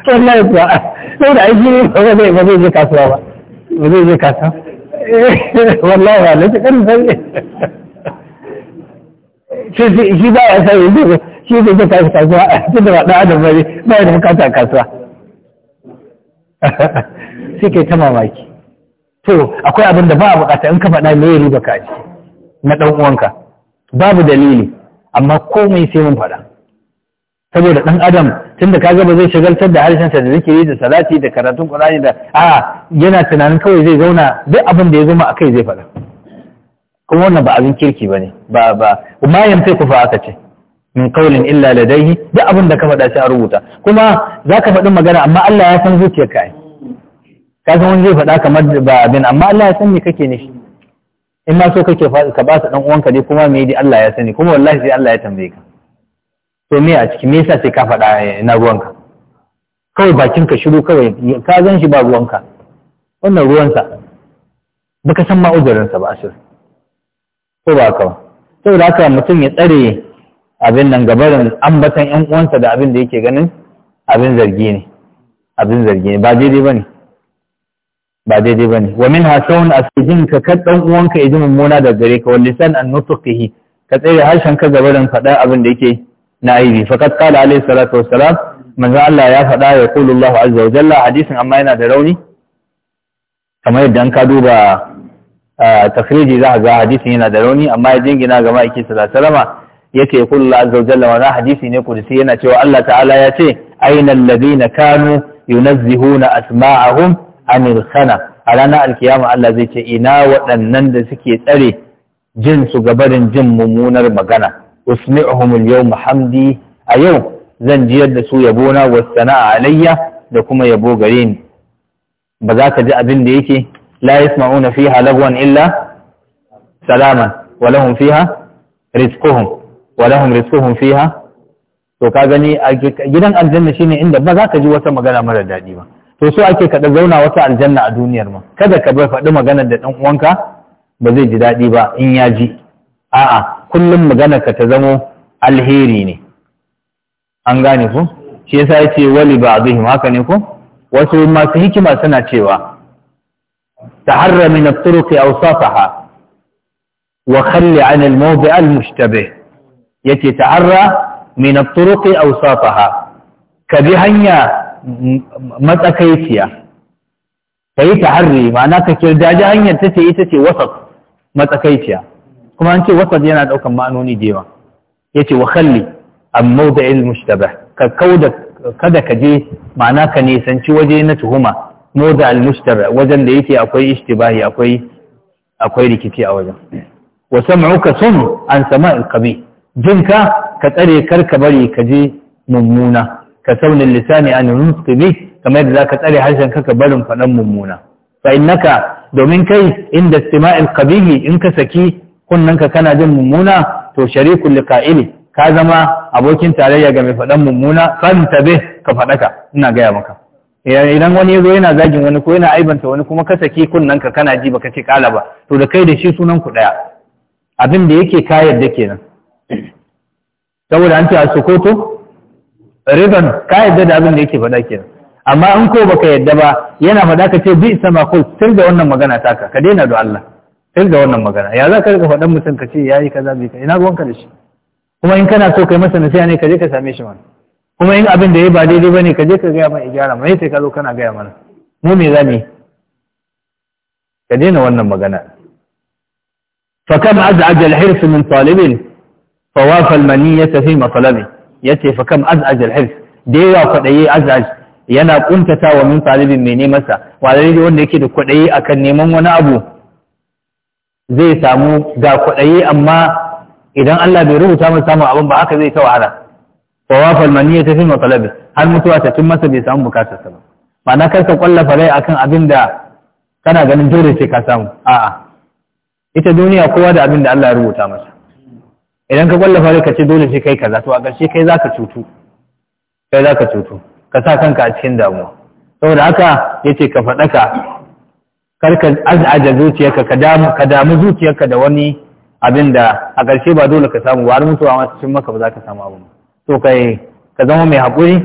wallahi sai da aiki ne ba zai ba zai je kasuwa ba ba zai je kasuwa *laughs* wallahi ba na kan sai shi shi ba ya sai yanzu shi zai ta tashi kasuwa a cikin da ba adam bane ba suke *laughs* ta mamaki to akwai abin da ba a bukata in ka faɗa me ya riba ka a na ɗan uwanka babu dalili amma komai sai mun faɗa saboda ɗan adam tunda kaga ba zai shagaltar da harshensa da zikiri da salati da karatun qur'ani da a yana tunanin kawai zai zauna duk abin da ya zama akai zai faɗa kuma wannan ba abin kirki bane ba ba yan sai ku fa aka ce min qawlin illa ladayhi duk abin da ka faɗa shi a rubuta kuma zaka faɗi magana amma Allah ya san zuciyarka ai ka san wani zai faɗa kamar ba abin amma Allah ya san me kake nishi in ma so kake ka ba su dan uwanka ne kuma me dai Allah ya sani kuma wallahi sai Allah ya tambaye ka to me a ciki me yasa sai ka faɗa eh, na ruwanka kawai bakin ka shiru kawai ka zan shi ba ruwanka wannan ruwansa baka san ma uzurinsa ba asir ko ba ka ba saboda haka mutum ya tsare abin nan gabarin ambatan yan uwansa da abin da yake ganin abin zargi ne abin zargi ne ba daidai ne ba daidai ne wa min hasawun asijin ka kad ɗan uwanka ya ji mummuna da gare ka san an nutuqihi ka tsere harshen ka gabarin faɗa abin da yake na aibi faqad qala alayhi salatu wassalam manzo Allah ya faɗa ya qulu Allahu azza wa jalla hadisin amma yana da rauni kamar yadda an ka duba takhriji za ga hadisin yana da rauni amma ya jingina ga ma'aiki sallallahu alaihi wasallam yace ya qulu azza wa jalla wannan hadisi ne kudusi yana cewa Allah ta'ala ya ce ainal ladina kanu yunazzihuna asma'ahum anil khana a ranar alkiyama Allah zai ce ina waɗannan da suke tsare jin su gabarin jin mummunar magana usmi'uhum al-yawma hamdi a yau zan jiyar da su yabona wa sana'a alayya da kuma yabo gare ni ba za ka ji abin da yake la yasma'una fiha lagwan illa salaman wa lahum fiha rizquhum wa lahum rizquhum fiha to ka gani a gidan aljanna shine inda ba za ka ji wata magana mara daɗi ba to so ake ka zauna wata aljanna a duniyar ma kada ka bar faɗi magana da ɗan uwanka ba zai ji daɗi ba in ya ji a'a kullum maganarka ta zamo alheri ne an gane ku shi yasa yace wali ba'dihim haka ne ku wasu masu hikima suna cewa ta harrami na turuki ausafaha wa khalli an al-mawdi' al-mushtabih yace taharra min at turuki ausafaha ka bi hanya matsakaiciya ka taharri ta harri ma'ana ka kirdaji hanyar ta ce ita ce wasaf matsakaiciya kuma an ce wasat yana daukan ma'anoni da yawa yace wa khalli an mawda'il mushtabah ka kauda kada ka je ma'ana ka nisanci waje na tuhuma mawda al mushtabah wajen da yake akwai ishtibahi akwai akwai rikici a wajen wa sam'uka sun an sama'il qabi jinka ka tsare kar ka bari ka je mummuna ka saunin lisani an nutqi bi kamar yadda zaka tsare harshen ka ka barin faɗan mummuna fa innaka domin kai inda istima'il qabihi in ka saki kunnan ka kana jin mummuna to shariku liqa'ili ka zama abokin tarayya ga mai faɗan mummuna fantabe ka faɗaka ina gaya maka idan wani yazo yana zagin wani ko yana aibanta wani kuma ka saki kunnan ka kana ji baka ce kala ba to da kai da shi sunan ku daya abin da yake ka yarda kenan saboda an ce a sokoto ridan ka yarda da abin da yake faɗa kenan amma in ko baka yarda ba yana faɗa ka ce bi sama kul tun da wannan magana taka ka daina da Allah sai da wannan magana ya za ka riga faɗan mutum ka ce ya yi kaza bai ka ina ruwanka da shi kuma in kana so kai masa nasiha ne ka je ka same shi mana kuma in abin da ya ba daidai ba ne ka je ka gaya mana gyara mai sai ka zo kana gaya mana mu me za mu ka daina wannan magana fa kam az'aj al-hirs min talibin fa wafa al fi matalabi yace fa kam az'aj al-hirs da yawa kwadaye az'aj yana ƙuntatawa min talibin mai nemarsa wa wanda yake da kwadaye akan neman wani abu zai samu ga kwaɗayi amma idan Allah bai rubuta masa samun abin ba haka zai ta wahala Kowa maniya ta fi matsalabi har mutuwa ta cin masa bai samu bukatar sa ba ma'ana kar ka kwallafa rai akan abin da kana ganin dole sai ka samu a'a ita duniya kowa da abin da Allah ya rubuta masa idan ka kwallafa rai ka ce dole sai kai kaza to a ƙarshe kai zaka cutu kai zaka cutu ka sa kanka a cikin damuwa saboda haka yace ka faɗaka karka az'aja zuciyarka ka damu ka damu zuciyarka da wani abin da a ƙarshe ba dole ka samu ba har mutuwa ma cikin maka ba za ka samu abu to kai ka zama mai haƙuri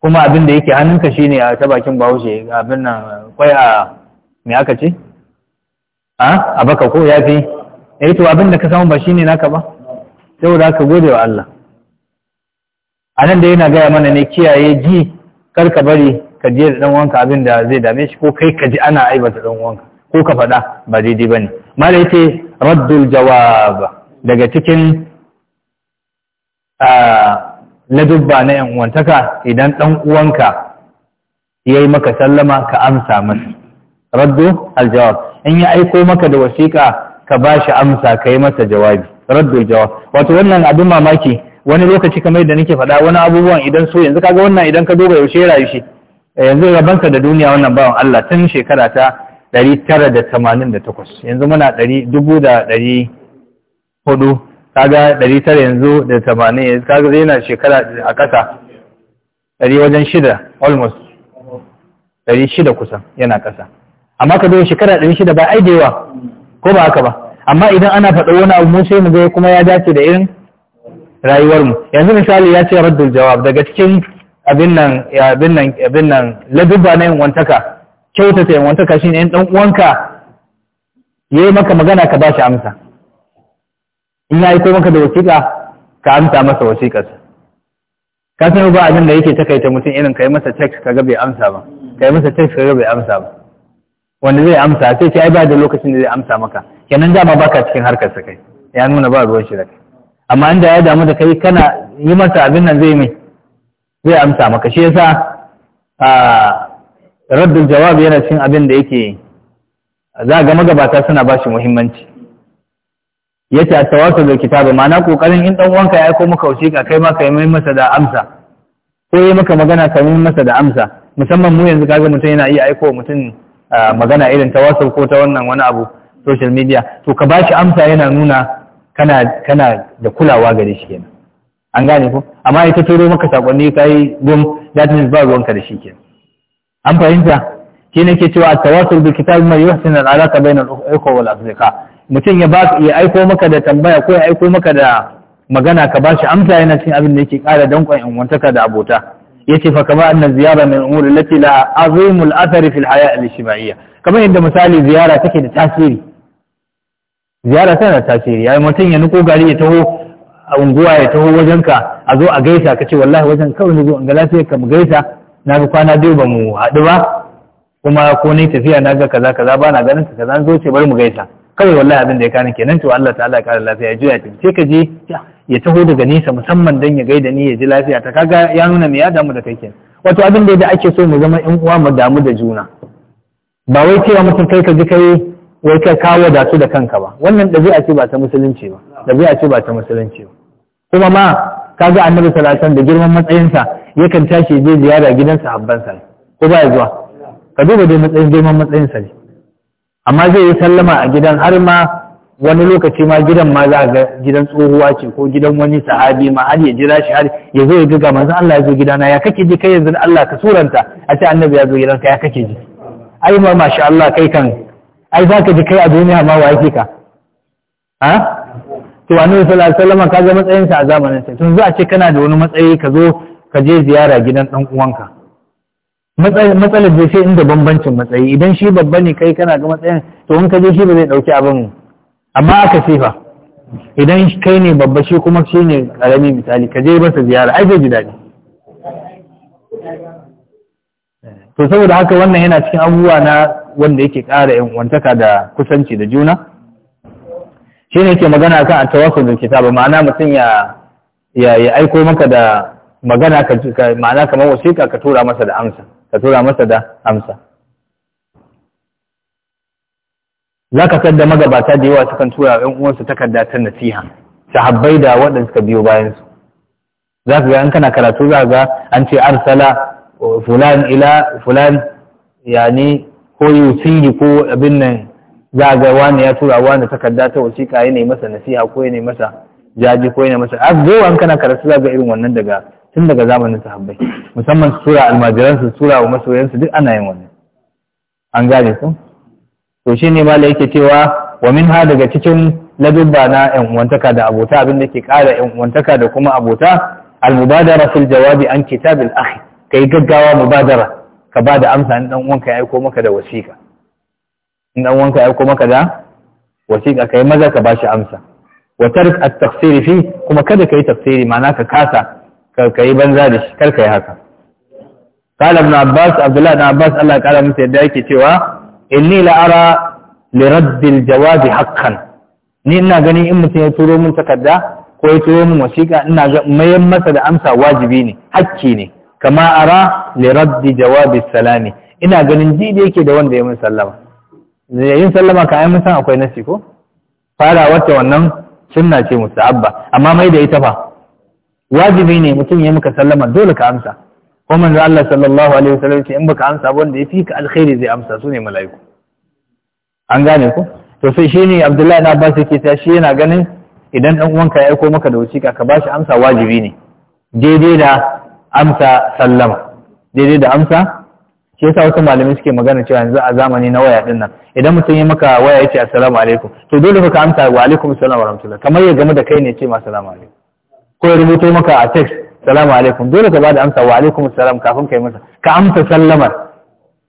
kuma abin da yake hannunka shine a ta bakin bahaushe abin nan kwai a me aka ce a a baka ko ya fi eh to abin da ka samu ba shine naka ba saboda haka gode wa Allah a nan da yana gaya mana ne kiyaye ji kar ka bari ka je da dan wanka abin da zai dame shi ko kai ka ji ana aibata dan wanka ko ka faɗa ba daidai bane mala'i yace raddul jawab daga cikin ah, ladubba na yan uwantaka idan dan uwanka yayi maka sallama ka amsa masa raddu aljawab in ya aiko maka da wasiƙa ka ba shi amsa ka kai masa jawabi raddu jawab wato wannan abin mamaki wani lokaci kamar da nake faɗa wani abubuwan idan so yanzu kaga wannan idan ka duba yaushe rayu shi Eh, yanzu rabansa da duniya wannan bawan Allah tun shekara ta 988 yanzu muna 1400 kaga 900 yanzu da 80 kaga zai na shekara a ƙasa 100 wajen shida almost 600 kusan yana ƙasa amma ka zai shekara 600 ba aidewa yawa ko ba haka ba amma idan ana faɗo wani abu mun sai mu ga kuma ya dace da irin rayuwarmu yanzu misali ya ce raddul jawab daga cikin abin nan ladubba na yin wantaka kyautata yin wantaka ne 'yan ɗan uwanka yi maka magana ka shi amsa in yi ko maka da wasiƙa ka amsa masa wasiƙar ka san ba abin da yake takaita mutum irin ka yi masa text ka bai amsa ba Ka yi masa text ka bai amsa ba wanda zai amsa sai ce ai ba da lokacin da zai amsa maka kenan dama baka cikin harkar sa kai ya nuna ba ruwan shi da kai amma inda ya damu da kai kana yi masa abin nan zai mai zai amsa maka shi yasa a raddin jawab yana cin abin da yake za ga magabata suna bashi muhimmanci yace a tawasul da kitab ma'ana kokarin in dan uwanka ya aika maka wasiƙa kai ma kai mai masa da amsa ko yi maka magana ka mai masa da amsa musamman mu yanzu kaga mutum yana iya aiko mutum magana irin tawasul ko ta wannan wani abu social media to ka bashi amsa yana nuna kana kana da kulawa gare shi kenan an gane ko amma ta turo maka sakonni kai gum that means ba ruwanka da shi ke an fahimta Ke ne ke cewa tawasul bi kitab mai yuhsin al alaqa bain al wal asdiqa mutum ya ba ya aiko maka da tambaya ko ya aiko maka da magana ka bashi amsa yana cin abin da yake kara dankon in wantaka da abota yace fa kama anna ziyara min umuri lati la azimul athari fil haya al ijtimaiya kamar yadda misali ziyara take da tasiri ziyara tana da tasiri yayin mutum ya nuko gari ya taho a unguwa ya taho wajenka a zo a gaisa ka ce wallahi wajen kawai na zo in ga lafiyar ka mu gaisa na ga kwana biyu ba mu haɗu ba kuma ko ni tafiya na ga kaza kaza ba na ganin ka kaza zo ce bari mu gaisa kawai wallahi abin da ya kani kenan to Allah ta'ala ya kara lafiya ya juya ce ka je ya taho daga nesa musamman dan ya gaida ni ya ji lafiya ta kaga ya nuna me ya damu da kai kenan wato abin da ake so mu zama ƴan uwa mu damu da juna ba wai cewa mutum kai ka ji kai wai ka kawo da su da kanka ba wannan ɗabi'a ce ba ta musulunci ba ɗabi'a ce ba ta musulunci ba kuma ma kaga annabi sallallahu da girman matsayinsa yakan tashi je ziyara gidan sa ko ba zuwa ka duba dai matsayin girman matsayinsa ne amma zai yi sallama a gidan har ma wani lokaci ma gidan ma za ga gidan tsohuwa ce ko gidan wani sahabi ma har ya jira shi har ya zo ya ga manzon Allah ya zo gidana ya kake ji kai yanzu Allah ka suranta a ce annabi ya zo gidanka ya kake ji ai ma masha Allah kai kan ai za ka ji kai a duniya ma wa yake ka ha to annabi sallallahu alaihi wasallam kaga matsayin sa a zamanin sa tun za a ce kana da wani matsayi ka zo ka je ziyara gidan dan uwanka matsalar da sai inda bambancin matsayi idan shi babba ne kai kana ga matsayin to in ka je shi ba zai dauki abin amma aka sifa idan kai ne babba shi kuma shi ne karami misali ka je masa ziyara ai zai ji daɗi to saboda haka wannan yana cikin abubuwa na wanda yake ƙara yan uwantaka da kusanci da juna shi ne ke magana kan a tawassul da ba ma'ana mutum ya ya aiko maka da magana ka ma'ana kamar wasiƙa ka tura masa da amsa ka tura masa da amsa za ka da magabata da yawa sukan tura ɗan uwansu takarda ta nasiha sahabbai da waɗanda suka biyo bayan su za ka ga in kana karatu za ga an ce arsala fulan ila fulan yani ko yusiyi ko abin nan za ga wani ya tura wani takarda ta wasiƙa ya nemi masa nasiha ko ya nemi masa jaji ko ya nemi masa a an kana karatu za ga irin wannan daga tun daga zamanin sahabbai musamman su tura almajiran su tura wa su duk ana yin wannan an gane ku to ne mala yake cewa wa min ha daga cikin ladubba na yan uwantaka da abota abin da ke ƙara yan uwantaka da kuma abota almubadara fil jawabi an kitabil akhi kai gaggawa mubadara ka ba da amsa in dan uwanka ya aiko maka da wasiƙa in dan wanka ya maka da wasiƙa kai maza ka bashi amsa wa tark at-tafsir fi kuma kada kai tafsiri ma'ana ka kasa ka kai banza da shi kar yi haka قال ابن Abbas عبد da Abbas عباس الله قال مس yadda yake cewa inni la ara li radd al-jawab haqqan ni ina gani in mutum ya turo min takarda ko ya turo min wasiƙa ina ga mayan masa da amsa wajibi ne hakki ne kama ara li radd jawab salami ina ganin didi yake da wanda ya min sallama yayin sallama ka ainihin san akwai nasi ko fara wata wannan sunna ce musta'abba amma mai da ita fa wajibi ne mutum ya muka sallama dole ka amsa ko manzo Allah sallallahu alaihi wasallam ce in baka amsa wanda ya fi ka alkhairi zai amsa sune mala'iku an gane ko to sai ne Abdullahi na Abbas yake ta shi yana ganin idan dan uwanka ya aiko maka da wasiƙa ka bashi amsa wajibi ne daidai da amsa sallama daidai da amsa shi yasa wasu malamai suke magana cewa yanzu a zamani na waya din nan idan mutum ya maka waya yace assalamu alaikum to dole ka amsa wa alaikum assalamu wa rahmatullah kamar ya gamu da kai ne ce ma assalamu alaikum ko ya rubuto maka a text assalamu alaikum dole ka bada amsa wa alaikum assalam kafin kai masa ka amsa sallamar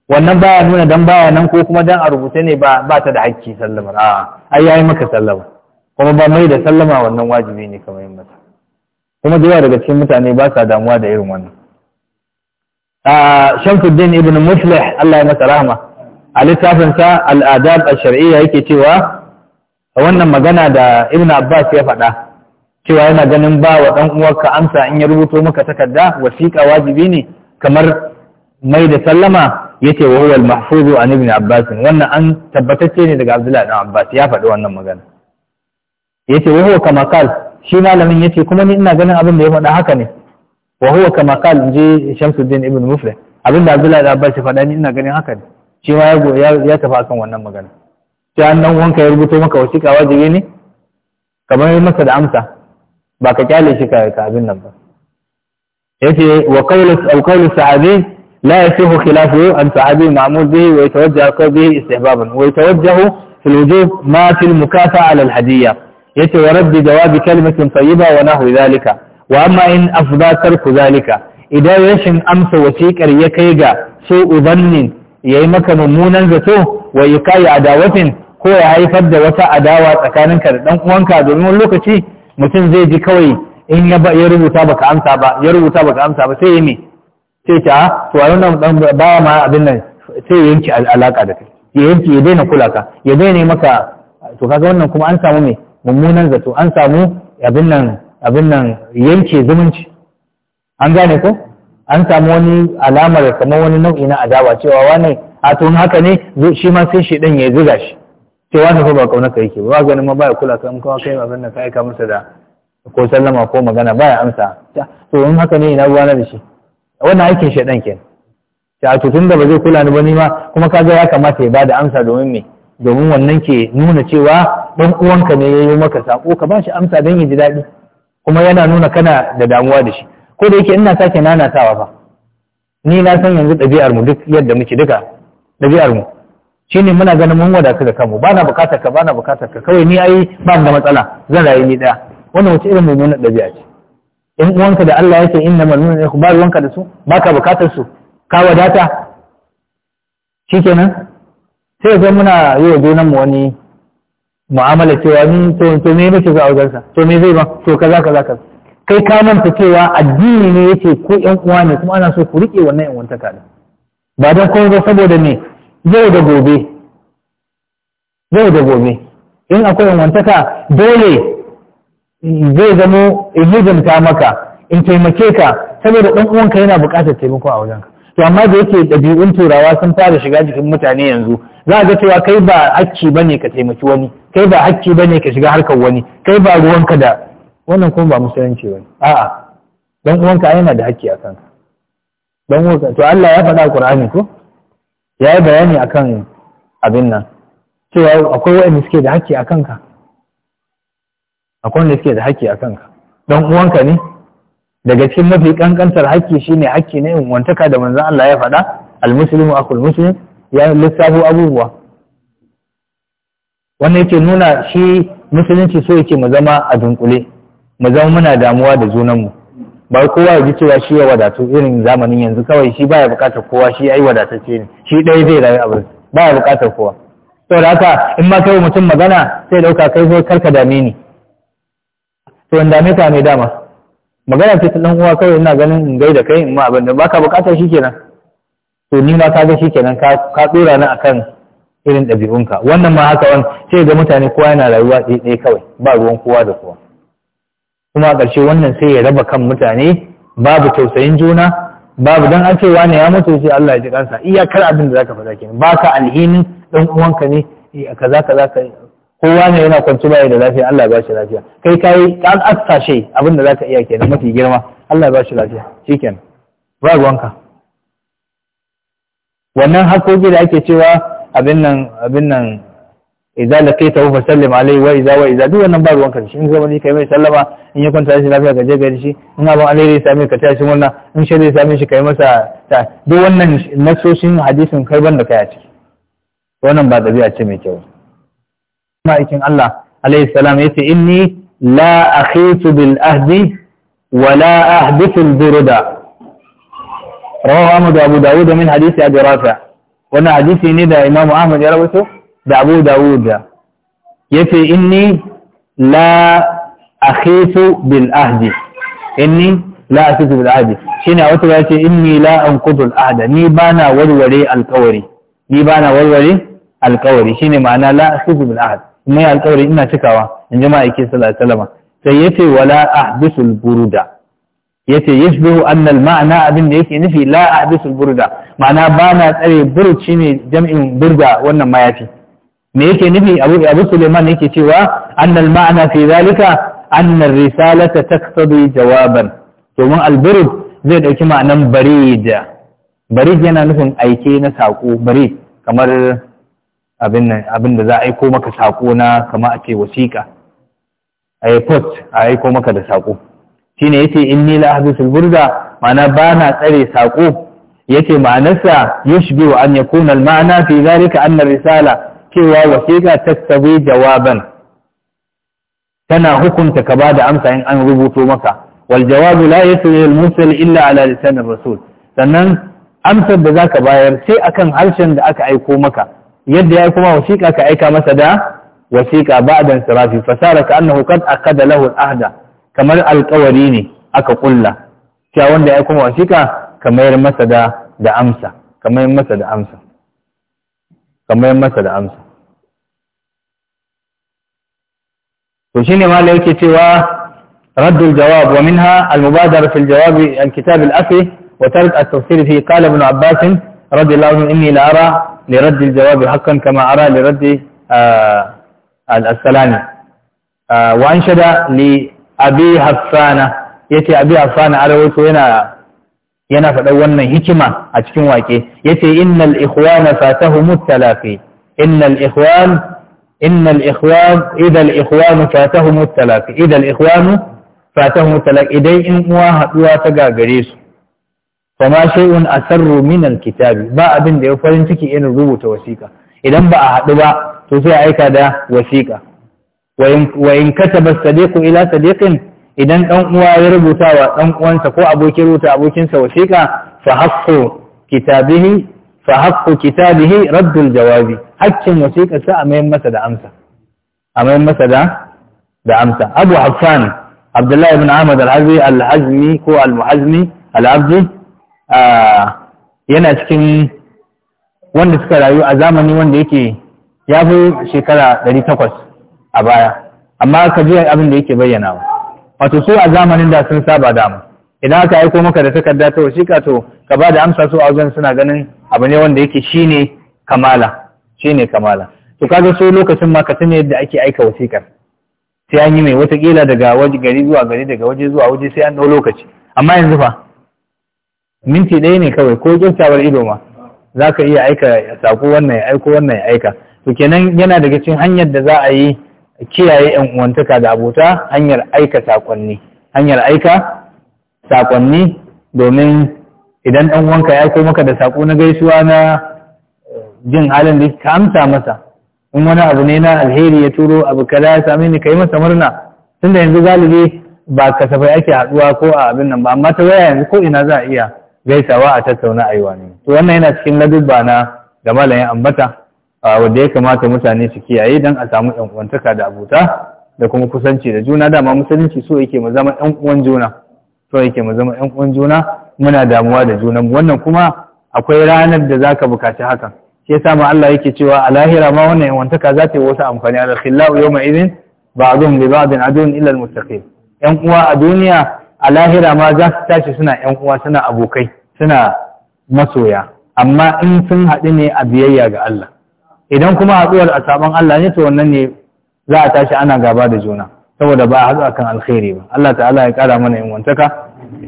wannan baya nuna dan baya nan ko kuma dan a rubuce ne ba ba ta da hakki sallamar a ai yayi maka sallama kuma ba mai da sallama wannan wajibi ne kamar yin masa kuma da yawa daga cikin mutane ba sa damuwa da irin wannan Shamsuddin ibn muslih Allah ya masa rahama a littafinsa al'adab a shariiyya yake cewa wannan magana da Ibn Abbas ya faɗa cewa yana ganin ba wa ɗan amsa in ya rubuto maka takarda wasiƙa wajibi ne kamar mai da sallama ce wa huwa al-mahfuzu a Ibn Abbas wannan an tabbatacce ne daga Abdullahi ibn Abbas ya faɗi wannan magana ya ce wa huwa kamakal shi malamin ya ce kuma ni ina ganin abin da ya faɗa haka ne وهو كما قال جي شمس الدين ابن مفلح Abdullahi da Abbas ya faɗa ni ina ganin haka ne shi ma ya ya tafi akan wannan magana sai annan wanka ya rubuto maka wasiqa wajibi ne kamar yayin masa da amsa ba ka kyale shi ka abin nan ba yace wa qawlus aw qawlus la qawlu sahabi لا يصح خلافه عن صحابي معمول به ويتوجه قلبه استحبابا ويتوجه في الوجوب ما al hadiyya yace wa يتي ورد kalimatin tayyiba wa nahwi dhalika wa amma in afza ku zalika idan rashin amsa wasiƙar ya kai ga so ubannin yi maka mummunan zato wa kayi adawatin ko ya haifar da wata adawa tsakaninka da dan uwanka domin wani lokaci mutum zai ji kawai in ya rubuta baka amsa ba ya rubuta baka amsa ba sai ya me sai ta ah, to a wannan dan ba ma abin nan sai ya yanki alaka da kai ya yanki ya daina kula ka ya daina maka to kaga wannan kuma an samu me mummunan zato an samu abin nan abin nan yanke zumunci an gane ko an samu wani alamar kamar wani nau'i na adawa cewa wane a tun haka ne shi ma sai shi dan ya zuga shi cewa ne ko ba kauna ka yake ba ganin ma baya kula kan kuma kai abin nan ka aika masa da ko sallama ko magana baya amsa to in haka ne ina gwana da shi wannan aikin shi ɗan kenan ta to tun da ba zai kula ni ba ni ma kuma ga ya kamata ya bada amsa domin me domin wannan ke nuna cewa ɗan uwanka ne ya yi maka sako ka ba shi amsa dan ya ji daɗi kuma yana nuna kana da damuwa da shi ko da yake ina sake nanatawa ba. ni na san yanzu ɗabi'ar mu duk yadda muke duka ɗabi'ar mu shine muna ganin mun wadatu da kanmu bana bukatar ka bana bukatar ka kawai ni ai ba da matsala zan rayu ni daya wannan wace irin mummunar ɗabi'a ce in uwanka da Allah yake inna malmuna ne ba ruwanka da su Ba ka bukatar su ka wadata shikenan sai ga muna yi wa junanmu mu wani mu'amala cewa ni to to me za a wajensa to me zai ba to kaza kaza kaza kai ka manta cewa addini ne yake ko ƴan uwa ne kuma ana so ku rike wannan ƴan wanta da ba don komai ba saboda me yau da gobe yau da gobe in akwai ƴan ka dole zai zamo in hidimta maka in taimake ka saboda ɗan uwanka yana buƙatar taimako a wajenka to amma da yake ɗabi'un turawa sun fara shiga jikin mutane yanzu za a ga cewa kai ba hakki bane ka taimaki wani kai ba hakki bane ka shiga harkar wani kai ba ruwanka da wannan kuma ba musulunci bane a'a dan uwanka yana da hakki a kanka dan uwanka to Allah ya faɗa Qur'ani ko ya yi bayani akan abin nan cewa akwai wani suke da hakki a kanka akwai wanda suke da hakki a kanka dan uwanka ne daga cikin mafi kankantar hakki shine hakki na in wantaka da manzon Allah ya faɗa al-muslimu akul muslim ya lissafo abubuwa wannan yake nuna shi musulunci so yake mu zama a dunkule mu zama muna damuwa da junanmu ba kowa ya ji cewa shi ya wadatu irin zamanin yanzu kawai shi baya bukatar kowa shi ai wadatacce ne shi ɗaya zai rayu a Ba baya bukatar kowa da haka in ma kai mutum magana sai dauka kai sai karka dame ni to in dame ka ne dama magana ce ta dan uwa kawai ina ganin in gaida kai in ma abin da baka shi kenan to ni ma kaga shikenan ka ka dora ni akan irin ɗabi'unka wannan ma haka wani sai ga mutane kowa yana rayuwa ɗaya kawai ba ruwan kowa da kowa kuma a ƙarshe wannan sai ya raba kan mutane babu tausayin juna babu dan an ce wani ya mutu sai Allah ya ji kansa iyakar abin da zaka faɗa kenan baka alhinin dan uwanka ne eh, kaza kaza ka kowa ne yana kwanci baya da lafiya Allah ba shi lafiya kai kai ka asashe abin da zaka iya kenan mafi girma Allah ba shi lafiya shikenan ba ruwanka wannan hakoki da ake cewa abin nan abin nan idza laqita fa sallim alaihi wa idza wa idza duk wannan ba ruwan karshe in zama ni kai mai sallama in ya kwanta shi lafiya ka je gari shi in abin alheri ya same ka shi wannan in shi ya same shi kai masa ta duk wannan nasoshin hadisin kai ban da kai a ciki wannan ba dabi'a ce mai kyau ma'aikin Allah alaihi salam yace inni la akhitu bil ahdi wa la ahdithu al burda rawahu Ahmad Abu Dawud min hadisi Abi Rafi' wannan hadisi ne da Imam Ahmad ya rawaito da Abu Dawud yace inni la akhitu bil ahdi inni la akhitu bil ahdi shine wata ya inni la anqudu al ahda ni bana warware alkawari ni bana warware alkawari shine ma'ana la akhitu bil ahd mai alkawari ina cikawa in ji ma'aikin sallallahu alaihi wasallam sai yace wala ahbisul buruda yace yashbihu anna al-ma'na abin da yake nufi la ahbisu burda ma'ana ba na tsare burci ne jam'in burda wannan mayafi me yake nufi abu abu suleiman yake cewa anna al-ma'na fi zalika anna ar-risalata taqtadi jawaban domin al-burd zai dauki ma'anan barid barid yana nufin aike na sako barid kamar abin nan abin da za a aiko maka sako na kamar a ce wasiƙa a post a aiko maka da sako shine yace inni la ahbisul burda ma'ana ba na tsare sako yace ma'anarsa yushbihu an yakuna al-ma'na fi dhalika an risala cewa wasiƙa tattabi jawaban tana hukunta ka ba da amsa in an rubuto maka wal jawabu la yasri al mursal illa ala lisan rasul sannan amsar da zaka bayar sai akan harshen da aka aiko maka yadda ya kuma wasiƙa ka aika masa da wasiƙa ba'da sirafi fasara ka annahu qad aqada lahu al ahda kamar alkawari ne aka kulla cewa wanda ya kuma wasiƙa kamar masa da da amsa kamar masa da amsa kamar masa da amsa to shine ma yake cewa رد الجواب ومنها المبادرة في الجواب الكتاب الأخي وترك التفسير فيه قال ابن عباس رضي الله عنه إني لأرى لرد الجواب حقا كما أرى لرد آه السلام آه وأنشد لي abi hassana yace abi hassana arawato yana yana faɗa wannan hikima a cikin wake yace innal ikhwana fatahumut talafi innal ikhwan innal ikhwan idal ikhwanu fatahumut talafi idal ikhwan fatahumut talafi idai in uwa haduwa ta gagare su fama shay'un asarru min alkitabi ba abin da ya farin ciki irin rubuta wasiƙa idan ba a haɗu ba to sai aika da wasiƙa wa in kataba sadiqu ila sadiqin idan ɗan'uwa ya rubuta wa ɗanuwansa ko abokin rubuta abokinsa wasiqa fa kitabihi fa kitabihi raddul jawabi hakkin wasiqa sa a mayan masa da amsa a mayan masa da amsa abu hafsan abdullahi ibn ahmad al-hazmi ko al-muhazmi yana cikin wanda suka rayu a zamani wanda yake ya fi shekara 800 a baya amma ka ji abin da yake bayyana wato su a zamanin da sun saba dama idan aka aiko maka da takarda ta wasiƙa to ka ba da amsa su a wajen suna ganin abu ne wanda yake shine kamala shine kamala to kaga so lokacin ma ka tuna yadda ake aika wasiƙar sai an yi mai watakila daga waje gari zuwa gari daga waje zuwa waje sai an ɗau lokaci amma yanzu fa minti ɗaya ne kawai ko kyautawar ido ma za ka iya aika saƙo wannan ya aiko wannan ya aika to kenan yana daga cikin hanyar da za a yi kiyaye ‘yan uwantaka da abota hanyar aika saƙonni hanyar aika saƙonni domin idan ɗan uwanka ya kai maka da saƙo na gaisuwa na eh, jin halin da ka amsa masa in wani abu ne na alheri ya turo abu kaza ya sami ni kai masa murna tunda yanzu galibi ba kasafai ake haɗuwa ko a abin nan ba amma ta waya yanzu ko ina za a iya gaisawa a tattauna a yi wani to wannan yana cikin ladubba na ga malayin ambata wanda ya kamata mutane su kiyaye dan a samu yan uwantaka da abuta da kuma kusanci da juna dama musulunci so yake mu zama uwan juna so yake mu zama uwan juna muna damuwa da juna wannan kuma akwai ranar da zaka bukaci hakan shi yasa ma Allah yake cewa a lahira ma wannan yan uwantaka za ta yi wasu amfani al khillau yawma idhin ba'dhum li ba'din adun illa al mustaqim yan uwa a duniya a lahira ma za su tashi suna yan uwa suna abokai suna masoya amma in sun haɗu ne a biyayya ga Allah idan kuma haɗuwar a saban Allah ne to wannan ne za a tashi ana gaba da juna saboda ba a haɗu akan alkhairi ba Allah ta'ala ya ƙara mana yin wantaka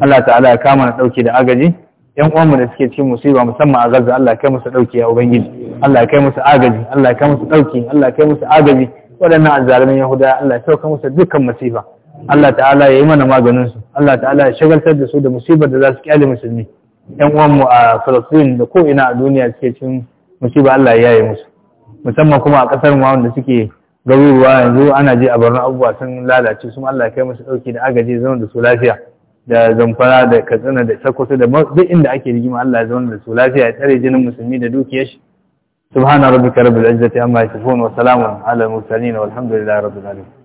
Allah ta'ala ya kama na ɗauki da agaji yan uwanmu da suke cikin musiba musamman a Gaza Allah kai musu ɗauki ya ubangiji Allah kai musu agaji Allah kai musu ɗauki Allah kai musu agaji waɗannan azzalimin Yahuda Allah ya sauka musu dukkan musiba Allah ta'ala ya yi mana maganin su Allah ta'ala ya shagaltar da su da musibar da za su kyale musulmi yan uwanmu a Falastin da ko ina a duniya suke cikin musiba Allah ya yaye musu musamman kuma a kasar mu wanda suke garuruwa yanzu ana je a barna abubuwa sun lalace su Allah kai musu dauki da agaji zaman da su lafiya da zamfara da katsina da sakwato da duk inda ake rigima Allah ya zauna da su lafiya ya tsare jinin musulmi da dukiyar shi subhana rabbika rabbil izzati amma yasifun wa salamun ala mursalin walhamdulillahi rabbil alamin